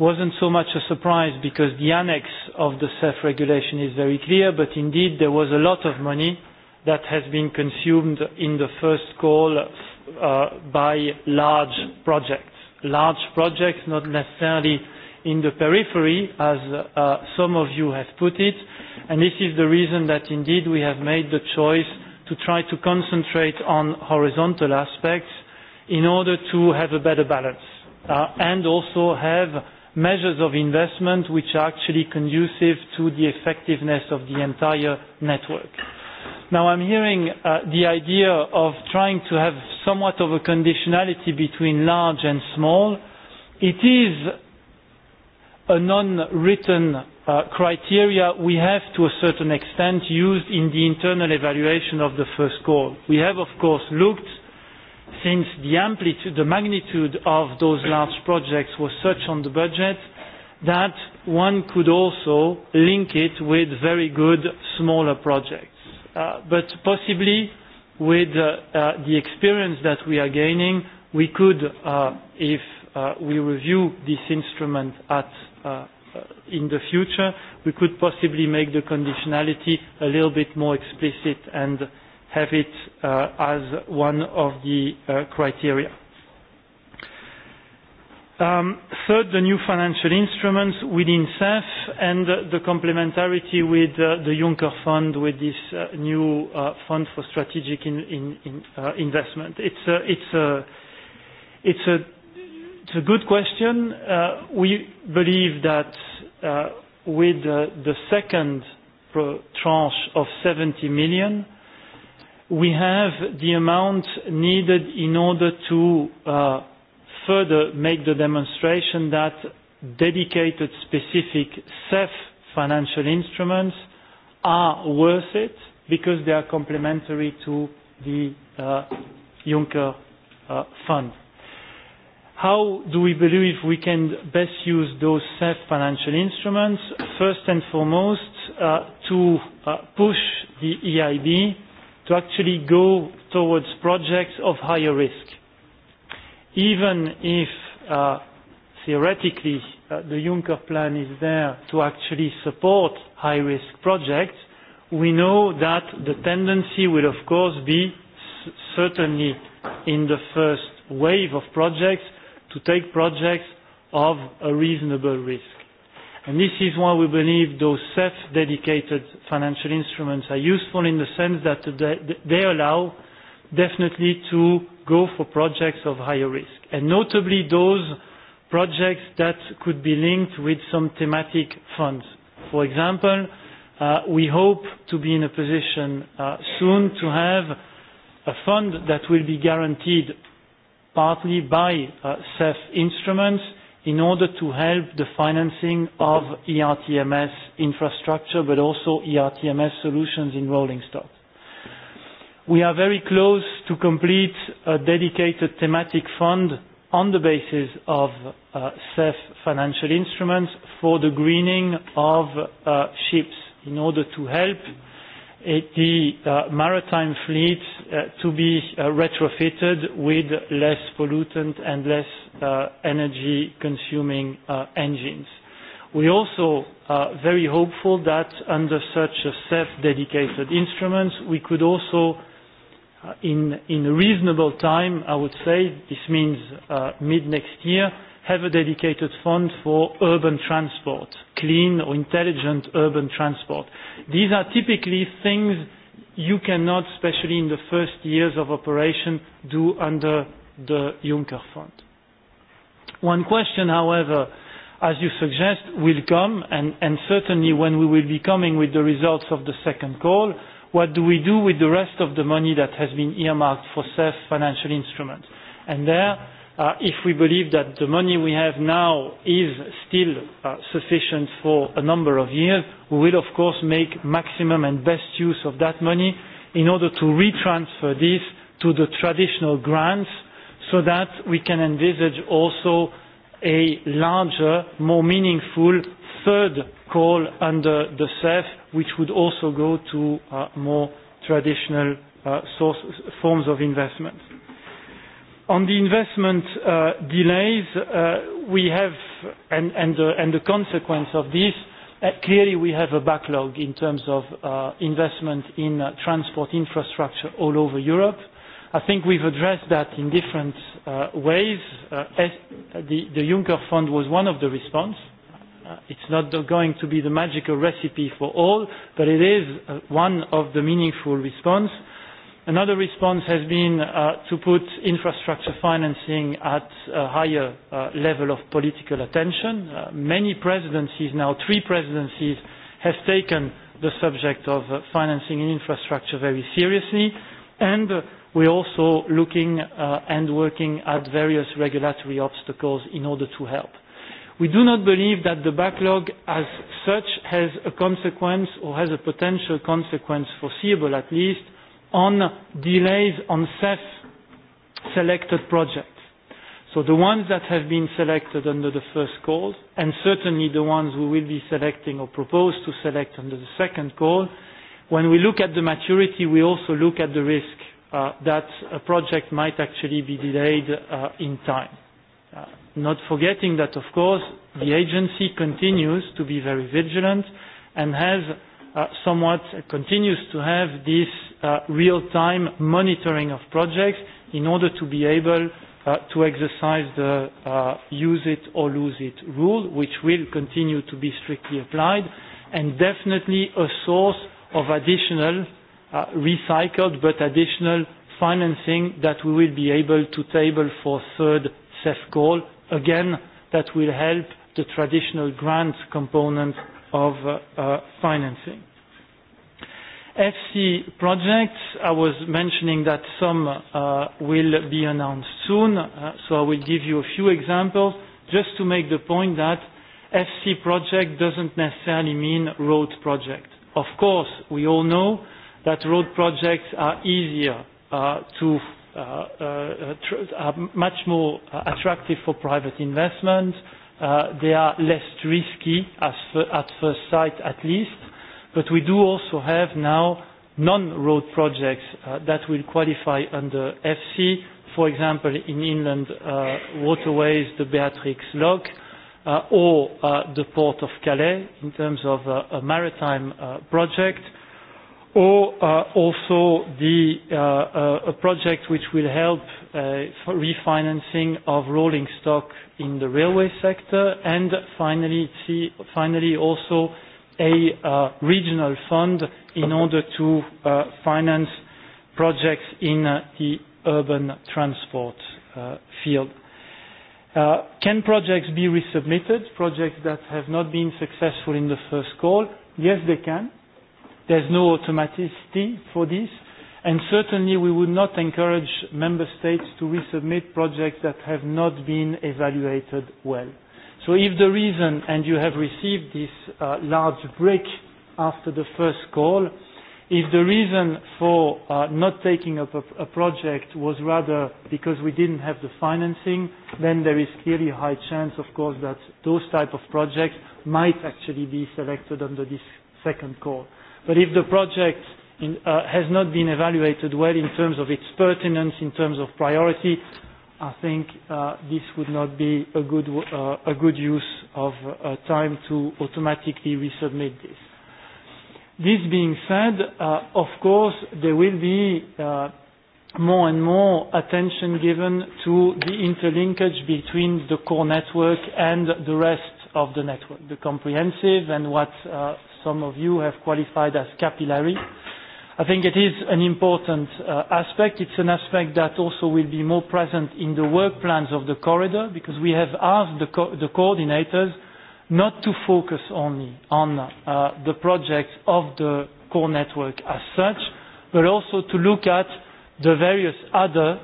wasn't so much a surprise because the annex of the CEF regulation is very clear, but indeed there was a lot of money that has been consumed in the first call uh, by large projects. Large projects, not necessarily in the periphery, as uh, some of you have put it, and this is the reason that indeed we have made the choice to try to concentrate on horizontal aspects in order to have a better balance uh, and also have measures of investment which are actually conducive to the effectiveness of the entire network. Now I'm hearing uh, the idea of trying to have somewhat of a conditionality between large and small. It is a non-written uh, criteria we have to a certain extent used in the internal evaluation of the first call. We have of course looked since the amplitude, the magnitude of those large projects was such on the budget that one could also link it with very good smaller projects. Uh, but possibly with uh, uh, the experience that we are gaining, we could, uh, if uh, we review this instrument at uh, Uh, in the future, we could possibly make the conditionality a little bit more explicit and have it uh, as one of the uh, criteria. Um, third, the new financial instruments within CEF and uh, the complementarity with uh, the Juncker Fund, with this uh, new uh, fund for strategic in, in, in, uh, investment. It's a, it's a, it's a It's a good question. Uh, we believe that uh, with uh, the second tranche of 70 million, we have the amount needed in order to uh, further make the demonstration that dedicated specific CEF financial instruments are worth it because they are complementary to the uh, Juncker uh, fund. How do we believe we can best use those safe financial instruments? First and foremost, uh, to uh, push the EIB to actually go towards projects of higher risk. Even if uh, theoretically uh, the Juncker plan is there to actually support high risk projects, we know that the tendency will of course be certainly in the first wave of projects to take projects of a reasonable risk. And this is why we believe those self-dedicated financial instruments are useful in the sense that they allow definitely to go for projects of higher risk, and notably those projects that could be linked with some thematic funds. For example, uh, we hope to be in a position uh, soon to have a fund that will be guaranteed partly by uh, CEF instruments in order to help the financing of ERTMS infrastructure, but also ERTMS solutions in rolling stock. We are very close to complete a dedicated thematic fund on the basis of uh, CEF financial instruments for the greening of uh, ships in order to help uh, Eh, the uh, maritime fleet uh, to be uh, retrofitted with less pollutant and less uh, energy consuming uh, engines. We're also uh, very hopeful that under such a CEF dedicated instrument, we could also, uh, in, in a reasonable time, I would say, this means uh, mid next year, uh, have a dedicated fund for urban transport, clean or intelligent urban transport. These are typically things you cannot, especially in the first years of operation, do under the Juncker Fund. One question, however, as you suggest, will come, and, and certainly when we will be coming with the results of the second call, what do we do with the rest of the money that has been earmarked for CEF financial instruments? And there, uh, if we believe that the money we have now is still uh, sufficient for a number of years, we will of course make maximum and best use of that money in order to retransfer this to the traditional grants so that we can envisage also a larger, more meaningful third call under the CEF, which would also go to uh, more traditional uh, source, forms of investment. On the investment uh, delays, uh, we have and, and, the, and the consequence of this, uh, clearly we have a backlog in terms of investment in transport infrastructure all over Europe. I think we've addressed that in different ways. The, the Juncker Fund was one of the response. It's not going to be the magical recipe for all, but it is one of the meaningful response. Another response has been uh, to put infrastructure financing at a higher uh, level of political attention. Uh, many presidencies now, three presidencies, have taken the subject of uh, financing in infrastructure very seriously, and uh, we're also looking uh, and working at various regulatory obstacles in order to help. We do not believe that the backlog as such has a consequence or has a potential consequence foreseeable at least on delays on CEF selected projects. So the ones that have been selected under the first call, and certainly the ones we will be selecting or propose to select under the second call, when we look at the maturity, we also look at the risk uh, that a project might actually be delayed uh, in time. Uh, not forgetting that, of course, the agency continues to be very vigilant and has uh, somewhat continues to have this uh, real-time monitoring of projects in order to be able uh, to exercise the uh, use it or lose it rule, which will continue to be strictly applied, and definitely a source of additional uh, recycled but additional financing that we will be able to table for third CEF call. Again, that will help the traditional grant component of uh, uh financing. FC projects, I was mentioning that some uh, will be announced soon, uh, so I will give you a few examples just to make the point that FC project doesn't necessarily mean road project. Of course, we all know that road projects are easier uh, to uh, uh, tr- are much more uh, attractive for private investment. Uh, Uh, they are less risky as at first sight at least, but we do also have now non-road projects uh, that will qualify under FC, for example, in inland uh, waterways, the Beatrix Lock, uh, or uh, the Port of Calais in terms of uh, a maritime project or uh, also the uh, uh, project which will help uh, refinancing of rolling stock in the railway sector, and finally, see, finally also a uh, regional fund in order to uh, finance projects in uh, the urban transport uh, field. Uh, can projects be resubmitted, projects that have not been successful in the first call? Yes, they can There's no automaticity for this, and certainly we would not encourage member states to resubmit projects that have not been evaluated well. So if the reason, and you have received this uh, large break after the first call, if the reason for uh, not taking up a, a project was rather because we didn't have the financing, then there is clearly a high chance, of course, that those type of projects might actually be selected under this second call. But if the project in, uh, has not been evaluated well in terms of its pertinence, in terms of priority, I think uh, this would not be a good, uh, a good use of uh, time to automatically resubmit this. This being said, uh, of course, there will be uh, more and more attention given to the interlinkage between the core network and the rest of the network, the comprehensive and what uh, some of you have qualified as capillary. I think it is an important uh, aspect. It's an aspect that also will be more present in the work plans of the corridor because we have asked the, co the coordinators not to focus only on uh, the projects of the core network as such, but also to look at the various other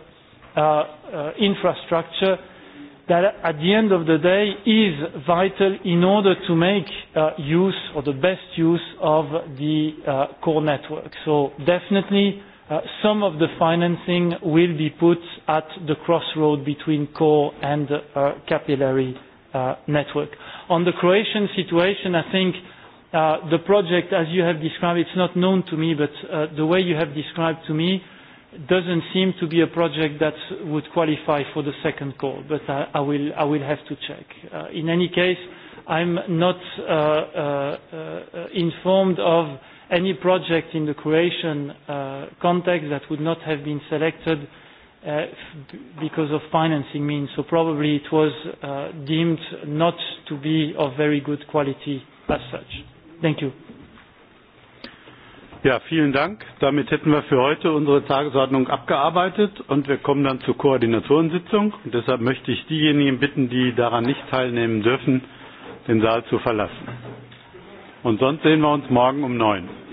uh, uh, infrastructure that at the end of the day is vital in order to make uh, use or the best use of the uh, core network. So definitely uh, some of the financing will be put at the crossroad between core and uh, capillary uh, network. On the Croatian situation, I think uh, the project, as you have described, it's not known to me, but uh, the way you have described to me, uh, doesn't seem to be a project that would qualify for the second call, but I, I, will, I will have to check. Uh, in any case, I'm not uh, uh, uh, informed of any project in the Croatian uh, context that would not have been selected uh, because of financing means, so probably it was uh, deemed not to be of very good quality as such. Thank you. Ja, vielen Dank. Damit hätten wir für heute unsere Tagesordnung abgearbeitet und wir kommen dann zur Koordinatorensitzung. Und deshalb möchte ich diejenigen bitten, die daran nicht teilnehmen dürfen, den Saal zu verlassen. Und sonst sehen wir uns morgen um neun.